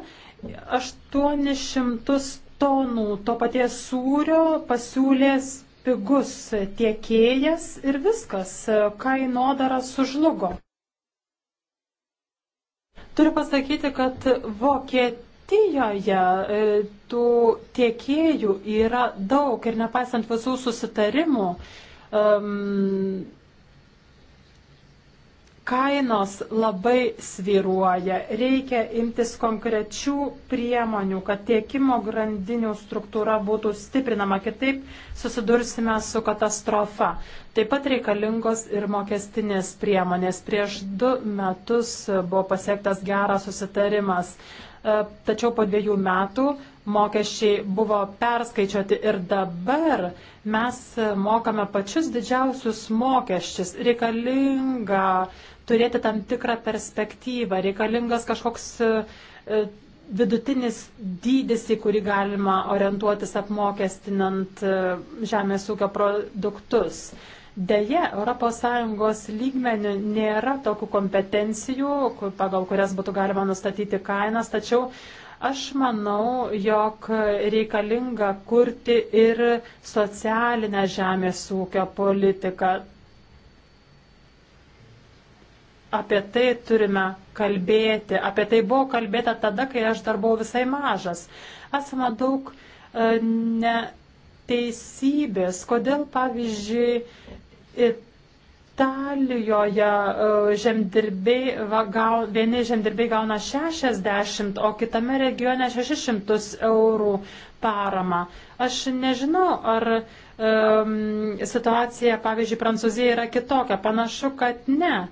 800 tonų to paties sūrio pasiūlės pigus tiekėjas ir viskas, kainodara sužlugo. Turiu pasakyti, kad Vokietijoje e, tų tiekėjų yra daug ir nepaisant visų susitarimų, um, kainos labai sviruoja, reikia imtis konkrečių priemonių, kad tiekimo grandinių struktūra būtų stiprinama, kitaip susidursime su katastrofa. Taip pat reikalingos ir mokestinės priemonės. Prieš du metus buvo pasiektas geras susitarimas, e, tačiau po dviejų metų mokesčiai buvo perskaičiuoti ir dabar mes mokame pačius didžiausius mokesčius. Reikalinga uh, turėti tam tikrą perspektyvą, reikalingas kažkoks e, e, vidutinis dydis, į kurį galima orientuotis apmokestinant e, žemės ūkio produktus. Deja, ES lygmenių nėra tokių kompetencijų, pagal kurias būtų galima nustatyti kainas, tačiau aš manau, jog reikalinga kurti ir socialinę žemės ūkio politiką apie tai turime kalbėti. Apie tai buvo kalbėta tada, kai aš dar buvau visai mažas. Esama daug e, neteisybės. Kodėl, pavyzdžiui, Italijoje e, žemdirbiai, va, gau, vieni žemdirbiai gauna 60, o kitame regione 600 eurų paramą. Aš nežinau, ar um, situacija, pavyzdžiui, Prancūzija yra kitokia. Panašu, kad ne. Uh,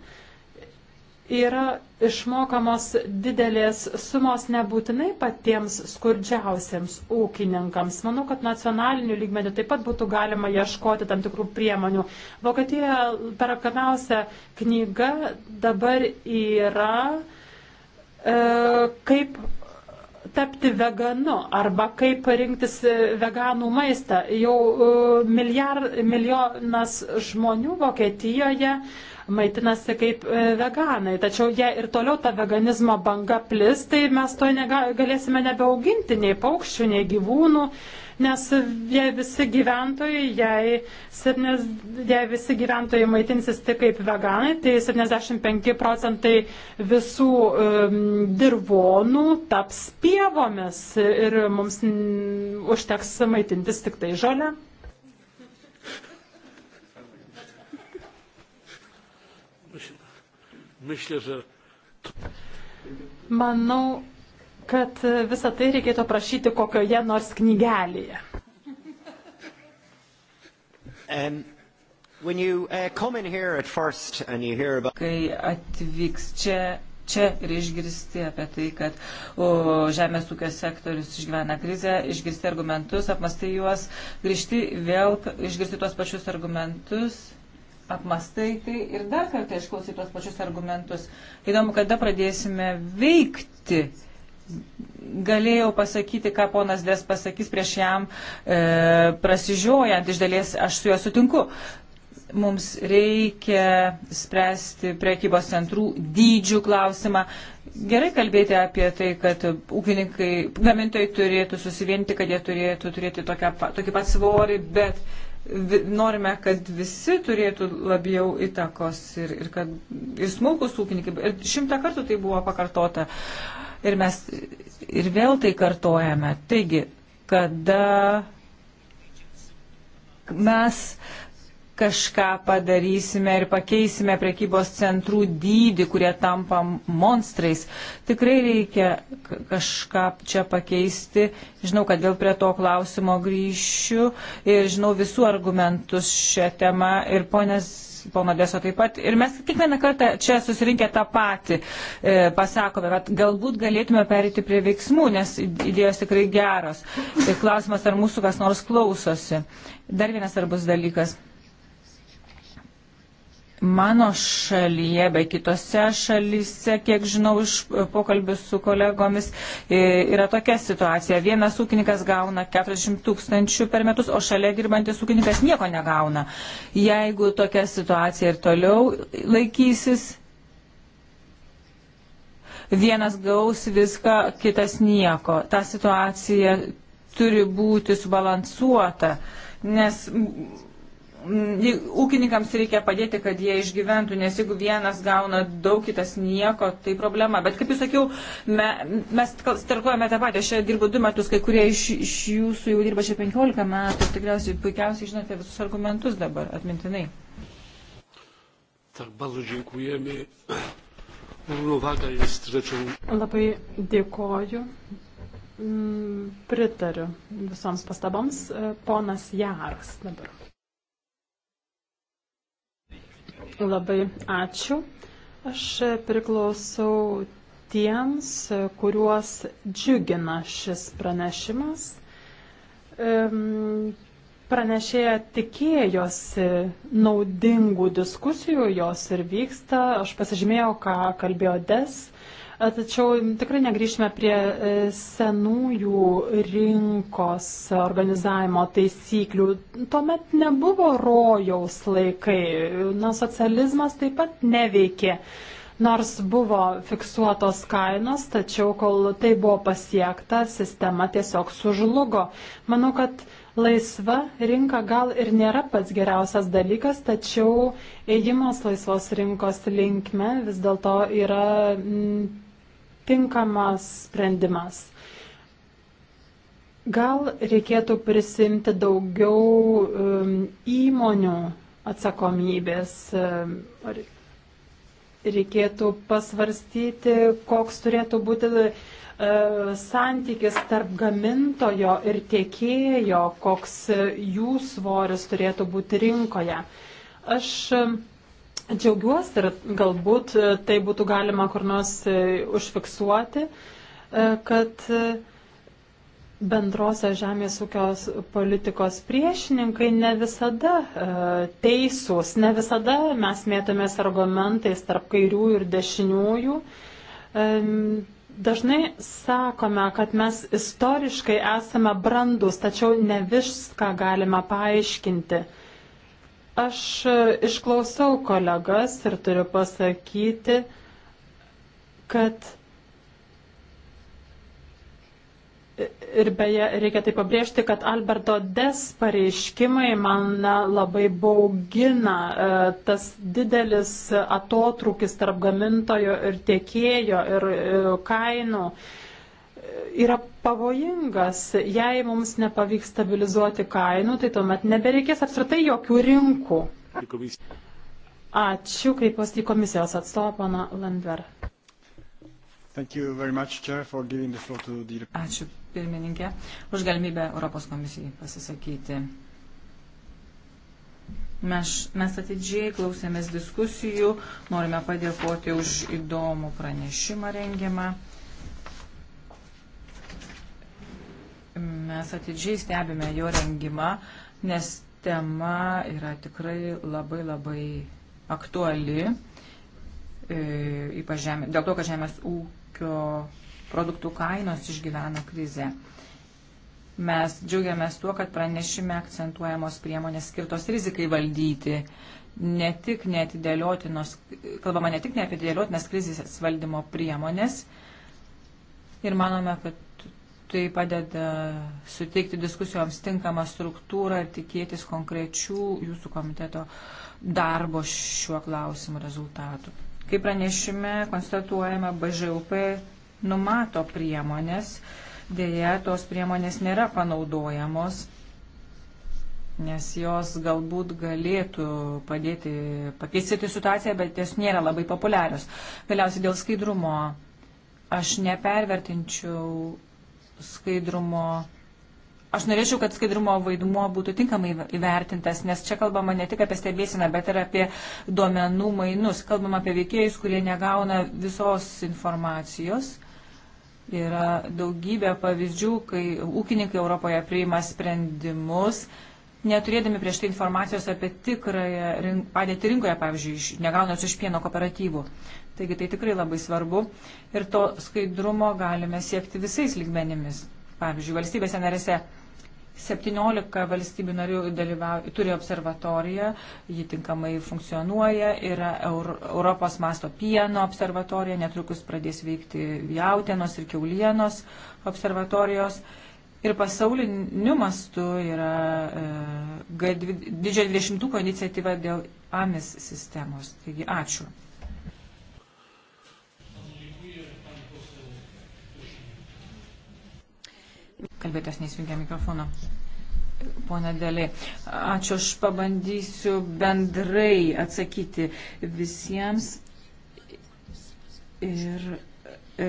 yra išmokamos didelės sumos nebūtinai patiems skurdžiausiems ūkininkams. Manau, kad nacionaliniu lygmeniu taip pat būtų galima ieškoti tam tikrų priemonių. Vokietijoje perakamiausia knyga dabar yra e, kaip tapti veganu arba kaip rinktis veganų maistą. Jau e, milijar, milijonas žmonių Vokietijoje uh, maitinasi kaip e, veganai. Tačiau jei ir toliau ta veganizmo banga plis, tai mes to galėsime nebeauginti nei paukščių, nei gyvūnų, nes jei visi gyventojai, jei, 70, jei visi gyventojai maitinsis tik kaip veganai, tai 75 procentai visų um, dirvonų taps pievomis ir mums užteks maitintis tik tai žalia. Myślę, że... Manau, kad visą tai reikėtų prašyti kokioje nors knygelėje. Um. You, uh, first, about... Kai atvyks čia, čia ir išgirsti apie tai, kad o, žemės ūkio sektorius išgyvena krizę, išgirsti argumentus, apmastai juos, grįžti vėl, išgirsti tuos pačius argumentus apmastai tai ir dar kartą išklausai tuos pačius argumentus. Įdomu, kada pradėsime veikti. Galėjau pasakyti, ką ponas Des pasakys prieš jam e, prasižiojant, iš dalies aš su juo sutinku. Mums reikia spręsti priekybos centrų dydžių klausimą. Gerai kalbėti apie tai, kad ūkininkai, gamintojai turėtų susivienyti, kad jie turėtų turėti tokią, tokį pat svorį, bet norime, kad visi turėtų labiau įtakos ir, ir kad ir smulkus ūkininkai. Ir šimtą kartų tai buvo pakartota. Ir mes ir vėl tai kartojame. Taigi, kada mes kažką padarysime ir pakeisime prekybos centrų dydį, kurie tampa monstrais. Tikrai reikia kažką čia pakeisti. Žinau, kad vėl prie to klausimo grįšiu ir žinau visų argumentus šią temą ir ponės. Pono Deso taip pat. Ir mes kiekvieną kartą čia susirinkę tą patį e, pasakome, kad galbūt galėtume perėti prie veiksmų, nes idėjos tikrai geros. Ir tai klausimas, ar mūsų kas nors klausosi. Dar vienas svarbus dalykas. Mano šalyje, bei kitose šalyse, kiek žinau iš e, pokalbių su kolegomis, e, yra tokia situacija. Vienas ūkininkas gauna 40 tūkstančių per metus, o šalia dirbantis ūkininkas nieko negauna. Jeigu tokia situacija ir toliau laikysis, vienas gaus viską, kitas nieko. Ta situacija turi būti subalansuota, nes ūkininkams reikia padėti, kad jie išgyventų, nes jeigu vienas gauna daug, kitas nieko, tai problema. Bet kaip jūs sakiau, me, mes startuojame tą patį, aš čia dirbu du metus, kai kurie iš, iš jūsų jau dirba čia 15 metų, tikriausiai puikiausiai žinote visus argumentus dabar atmintinai. Tak bardzo dziękujemy. Równowaga jest rzeczą. Labai dėkoju. Mm, pritariu visoms pastaboms. E, ponas Jaras dabar. Labai ačiū. Aš priklausau tiems, kuriuos džiugina šis pranešimas. Pranešėja tikėjosi naudingų diskusijų, jos ir vyksta. Aš pasižymėjau, ką kalbėjo Des Tačiau tikrai negrįžtume prie e, senųjų rinkos organizavimo taisyklių. Tuomet nebuvo rojaus laikai. Na, socializmas taip pat neveikė. Nors buvo fiksuotos kainos, tačiau kol tai buvo pasiekta, sistema tiesiog sužlugo. Manau, kad laisva rinka gal ir nėra pats geriausias dalykas, tačiau ėjimas laisvos rinkos linkme vis dėlto yra tinkamas sprendimas. Gal reikėtų prisimti daugiau um, įmonių atsakomybės. Um, reikėtų pasvarstyti, koks turėtų būti uh, santykis tarp gamintojo ir tiekėjo, koks uh, jų svoris turėtų būti rinkoje. Aš uh, Džiaugiuosi ir galbūt e, tai būtų galima kur nors e, užfiksuoti, e, kad bendrosios žemės ūkio politikos priešininkai ne visada teisūs, ne visada mes mėtomės argumentais tarp kairiųjų ir dešiniųjų. Dažnai sakome, kad mes istoriškai esame brandus, tačiau ne viską galima paaiškinti. Aš e, išklausau kolegas ir turiu pasakyti, kad ir beje, reikia tai pabrėžti, kad Alberto Des pareiškimai man labai baugina e, tas didelis atotrukis tarp gamintojo ir tiekėjo ir e, kainų yra pavojingas. Jei mums nepavyks stabilizuoti kainų, tai tuomet nebereikės apskritai jokių rinkų. Ačiū, kreipiuosi į komisijos atstovą, pana Landver. Much, Chair, the... Ačiū, pirmininkė, už galimybę Europos komisijai pasisakyti. Mes, mes atidžiai klausėmės diskusijų, norime padėkoti už įdomų pranešimą rengiamą. Mes atidžiai stebime jo rengimą, nes tema yra tikrai labai labai aktuali, e, ypač žemė, dėl to, kad žemės ūkio produktų kainos išgyvena krizę. Mes džiaugiamės tuo, kad pranešime akcentuojamos priemonės skirtos rizikai valdyti, ne tik neatidėliotinos, kalbama ne tik neatidėliotinas krizės valdymo priemonės. Ir manome, kad Tai padeda suteikti diskusijoms tinkamą struktūrą ir tikėtis konkrečių jūsų komiteto darbo šiuo klausimu rezultatų. Kaip pranešime, konstatuojama, BŽUP numato priemonės, dėja tos priemonės nėra panaudojamos, nes jos galbūt galėtų padėti pakeisti situaciją, bet jos nėra labai populiarios. Galiausiai dėl skaidrumo aš nepervertinčiau skaidrumo. Aš norėčiau, kad skaidrumo vaidmuo būtų tinkamai įvertintas, nes čia kalbama ne tik apie stebėsiną, bet ir apie duomenų mainus. Kalbama apie veikėjus, kurie negauna visos informacijos. Yra daugybė pavyzdžių, kai ūkininkai Europoje priima sprendimus, uh, neturėdami prieš tai informacijos apie tikrąją rink, padėtį rinkoje, pavyzdžiui, negaunant iš pieno kooperatyvų. Taigi tai tikrai labai svarbu ir to skaidrumo galime siekti visais lygmenimis. Pavyzdžiui, valstybėse narėse 17 valstybių narių dalyvau, turi observatoriją, ji tinkamai funkcionuoja, yra Eur, Europos masto pieno observatorija, netrukus pradės veikti jautienos ir keulienos observatorijos. Uh, Ir pasauliniu mastu yra e, didžiojo dvidešimtuko iniciatyva dėl AMIS sistemos. Taigi ačiū. Kalbėtas neįsijungia mikrofono. Pone Dėlė, ačiū, aš pabandysiu bendrai atsakyti visiems. Ir E,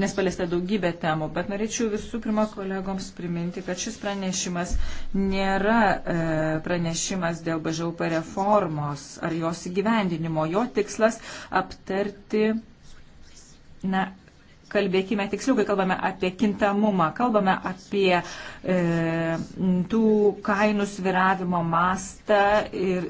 nes paliesta daugybė temų, bet norėčiau visų pirma kolegoms priminti, kad šis pranešimas nėra e, pranešimas dėl BŽUP reformos ar jos įgyvendinimo. Jo tikslas aptarti na, kalbėkime tiksliau, kai kalbame apie kintamumą, kalbame apie e, tų kainų sviravimo mastą ir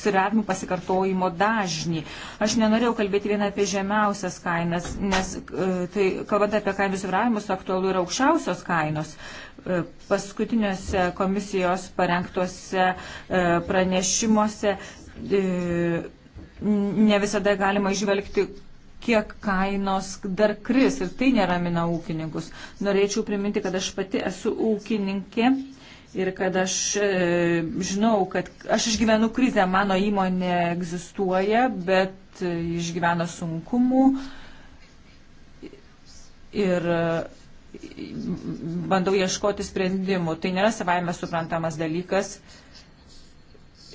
sviravimų pasikartojimo dažnį. Aš nenorėjau kalbėti vien apie žemiausias kainas, nes e, tai, kalbant apie kainų sviravimus, aktualu yra aukščiausios kainos. E, paskutiniuose komisijos parengtuose e, pranešimuose e, ne visada galima išvelgti kiek kainos dar kris ir tai neramina ūkininkus. Norėčiau priminti, kad aš pati esu ūkininkė ir kad aš e, žinau, kad aš išgyvenu krizę, mano įmonė egzistuoja, bet e, išgyvena sunkumų ir e, bandau ieškoti sprendimų. Tai nėra savaime suprantamas dalykas. E,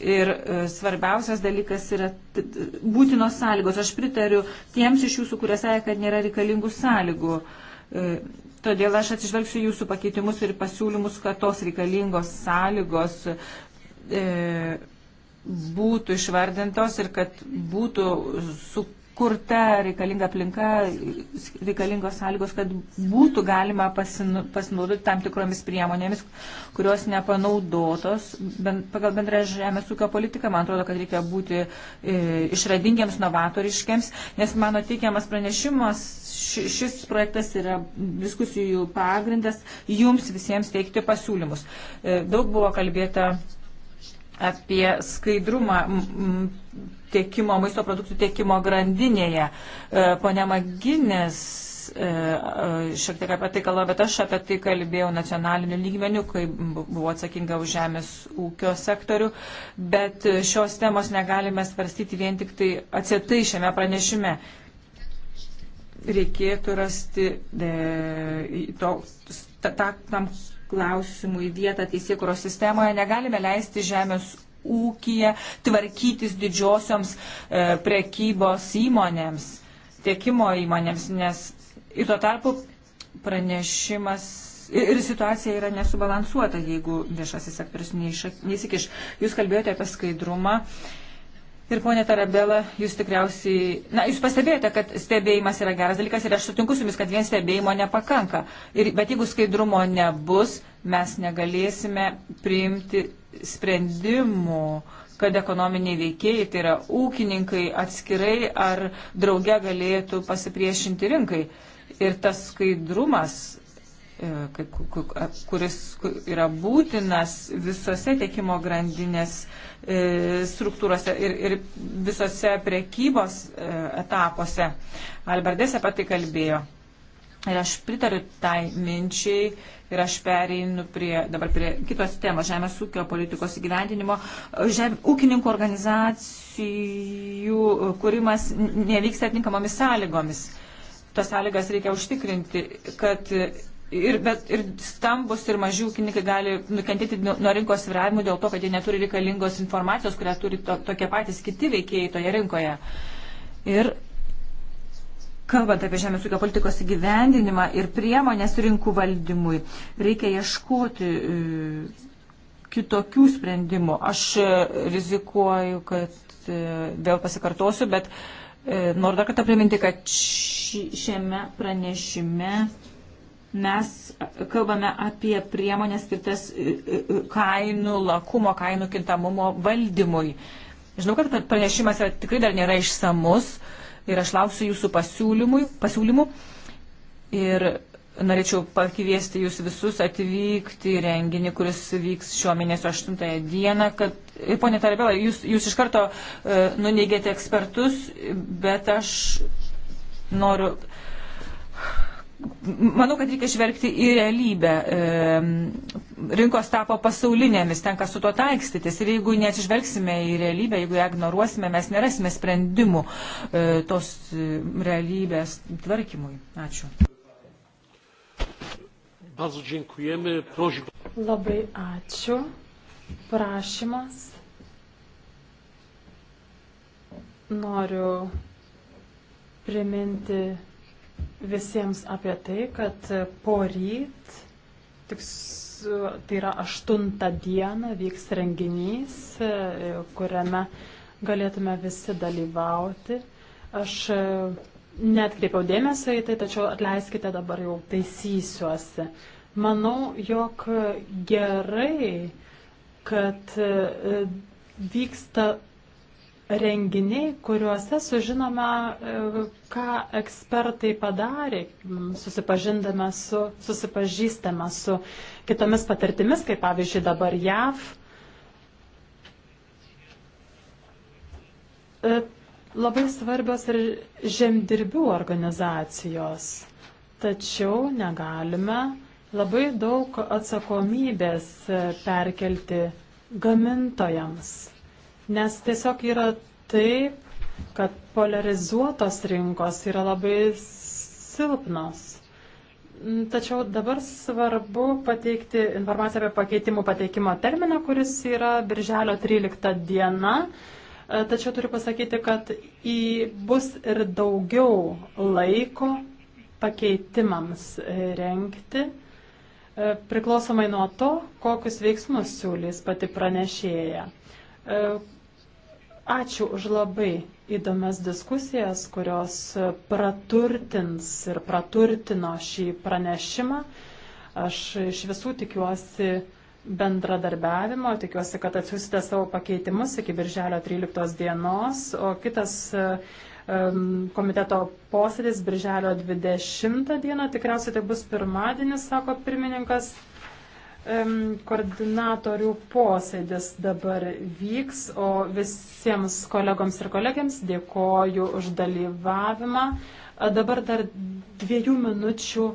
Ir e, svarbiausias dalykas yra būtinos sąlygos. Aš pritariu tiems iš jūsų, kurie sąja, kad nėra reikalingų sąlygų. E, todėl aš atsižvelgsiu jūsų pakeitimus ir pasiūlymus, kad tos reikalingos sąlygos e, būtų išvardintos ir kad būtų su kurta reikalinga aplinka, reikalingos sąlygos, kad būtų galima pasinaudoti tam tikromis priemonėmis, kurios nepanaudotos. Ben, pagal bendrą žemės ūkio politiką, man atrodo, kad reikia būti e, išradingiams, novatoriškiams, nes mano teikiamas pranešimas, ši, šis projektas yra diskusijų pagrindas jums visiems teikti pasiūlymus. E, daug buvo kalbėta apie skaidrumą tiekimo, maisto produktų tiekimo grandinėje. E, Pone Maginės e, e, šiek tiek apie tai kalba, bet aš apie tai kalbėjau nacionaliniu lygmeniu, kai buvau atsakinga už žemės ūkio sektorių, bet šios temos negalime svarstyti vien tik tai atsietai šiame pranešime. Reikėtų rasti de, to, ta, ta, tam klausimų į vietą teisėkuros sistemoje. Negalime leisti žemės ūkija tvarkytis didžiosioms e, prekybos įmonėms, tiekimo įmonėms, nes ir tuo tarpu pranešimas ir situacija yra nesubalansuota, jeigu viešasis sektorius neįsikiš. Jūs kalbėjote apie skaidrumą. E, Ir ponė Tarabela, jūs tikriausiai, na, jūs pastebėjote, kad stebėjimas yra geras dalykas ir aš sutinku su jumis, kad vien stebėjimo nepakanka. Ir, bet jeigu skaidrumo nebus, mes negalėsime priimti sprendimų, kad ekonominiai veikėjai, tai yra ūkininkai atskirai ar drauge galėtų pasipriešinti rinkai. Ir tas skaidrumas E, kuris yra būtinas visose tiekimo grandinės e, struktūrose ir, ir visose prekybos e, etapuose. Alberdės apie tai kalbėjo. Ir aš pritariu tai minčiai ir aš pereinu prie, dabar prie kitos temos - žemės ūkio politikos įgyvendinimo. Žem, ūkininkų organizacijų kūrimas nevyksta atinkamomis sąlygomis. Tos sąlygas reikia užtikrinti, kad ir, bet, ir stambus ir maži ūkininkai gali nukentėti nuo rinkos sviravimų dėl to, kad jie neturi reikalingos informacijos, kurią turi to, tokie patys kiti veikėjai toje rinkoje. Ir kalbant apie žemės ūkio politikos įgyvendinimą ir priemonės rinkų valdymui, reikia ieškoti e, kitokių sprendimų. Aš e, rizikuoju, kad e, vėl pasikartosiu, bet noriu dar kartą priminti, kad šiame pranešime mes kalbame apie priemonės skirtas e, e, e, kainų, lakumo, kainų kintamumo valdymui. Žinau, kad pranešimas yra, tikrai dar nėra išsamus ir aš lauksiu jūsų pasiūlymų. Ir norėčiau pakviesti jūs visus atvykti į renginį, kuris vyks šio mėnesio 8 dieną. Kad, ponė Tarabela, jūs, jūs iš karto uh, nuneigėte ekspertus, bet aš noriu Manau, kad reikia žvelgti į realybę. Rinkos tapo pasaulinėmis, tenka su tuo taikstytis. Ir jeigu neatsižvelgsime į realybę, jeigu ją ignoruosime, mes nerasime sprendimų e, tos e, realybės tvarkymui. Ačiū. Labai ačiū. Prašymas. Noriu priminti visiems apie tai, kad poryt, tai yra 8 dieną, vyks renginys, kuriame galėtume visi dalyvauti. Aš netkreipiau dėmesio į tai, tačiau atleiskite dabar jau taisysiuosi. Manau, jog gerai, kad vyksta renginiai, kuriuose sužinome, e, ką ekspertai padarė, susipažindame su, susipažįstame su kitomis patirtimis, kaip pavyzdžiui dabar JAV. E, labai svarbios ir žemdirbių organizacijos, tačiau negalime labai daug atsakomybės e, perkelti gamintojams. Nes tiesiog yra taip, kad polarizuotos rinkos yra labai silpnos. Mm, tačiau dabar svarbu pateikti informaciją apie pakeitimų pateikimo terminą, kuris yra birželio 13 diena. E, tačiau turiu pasakyti, kad į bus ir daugiau laiko pakeitimams e, renkti, e, priklausomai nuo to, kokius veiksmus siūlys pati pranešėja. Ačiū už labai įdomias diskusijas, kurios praturtins ir praturtino šį pranešimą. Aš iš visų tikiuosi bendradarbiavimo, tikiuosi, kad atsiūsite savo pakeitimus iki birželio 13 dienos, o kitas komiteto posėdis birželio 20 dieną, tikriausiai tai bus pirmadienis, sako pirmininkas. Koordinatorių posėdis dabar vyks, o visiems kolegoms ir kolegiams dėkoju už dalyvavimą. Dabar dar dviejų minučių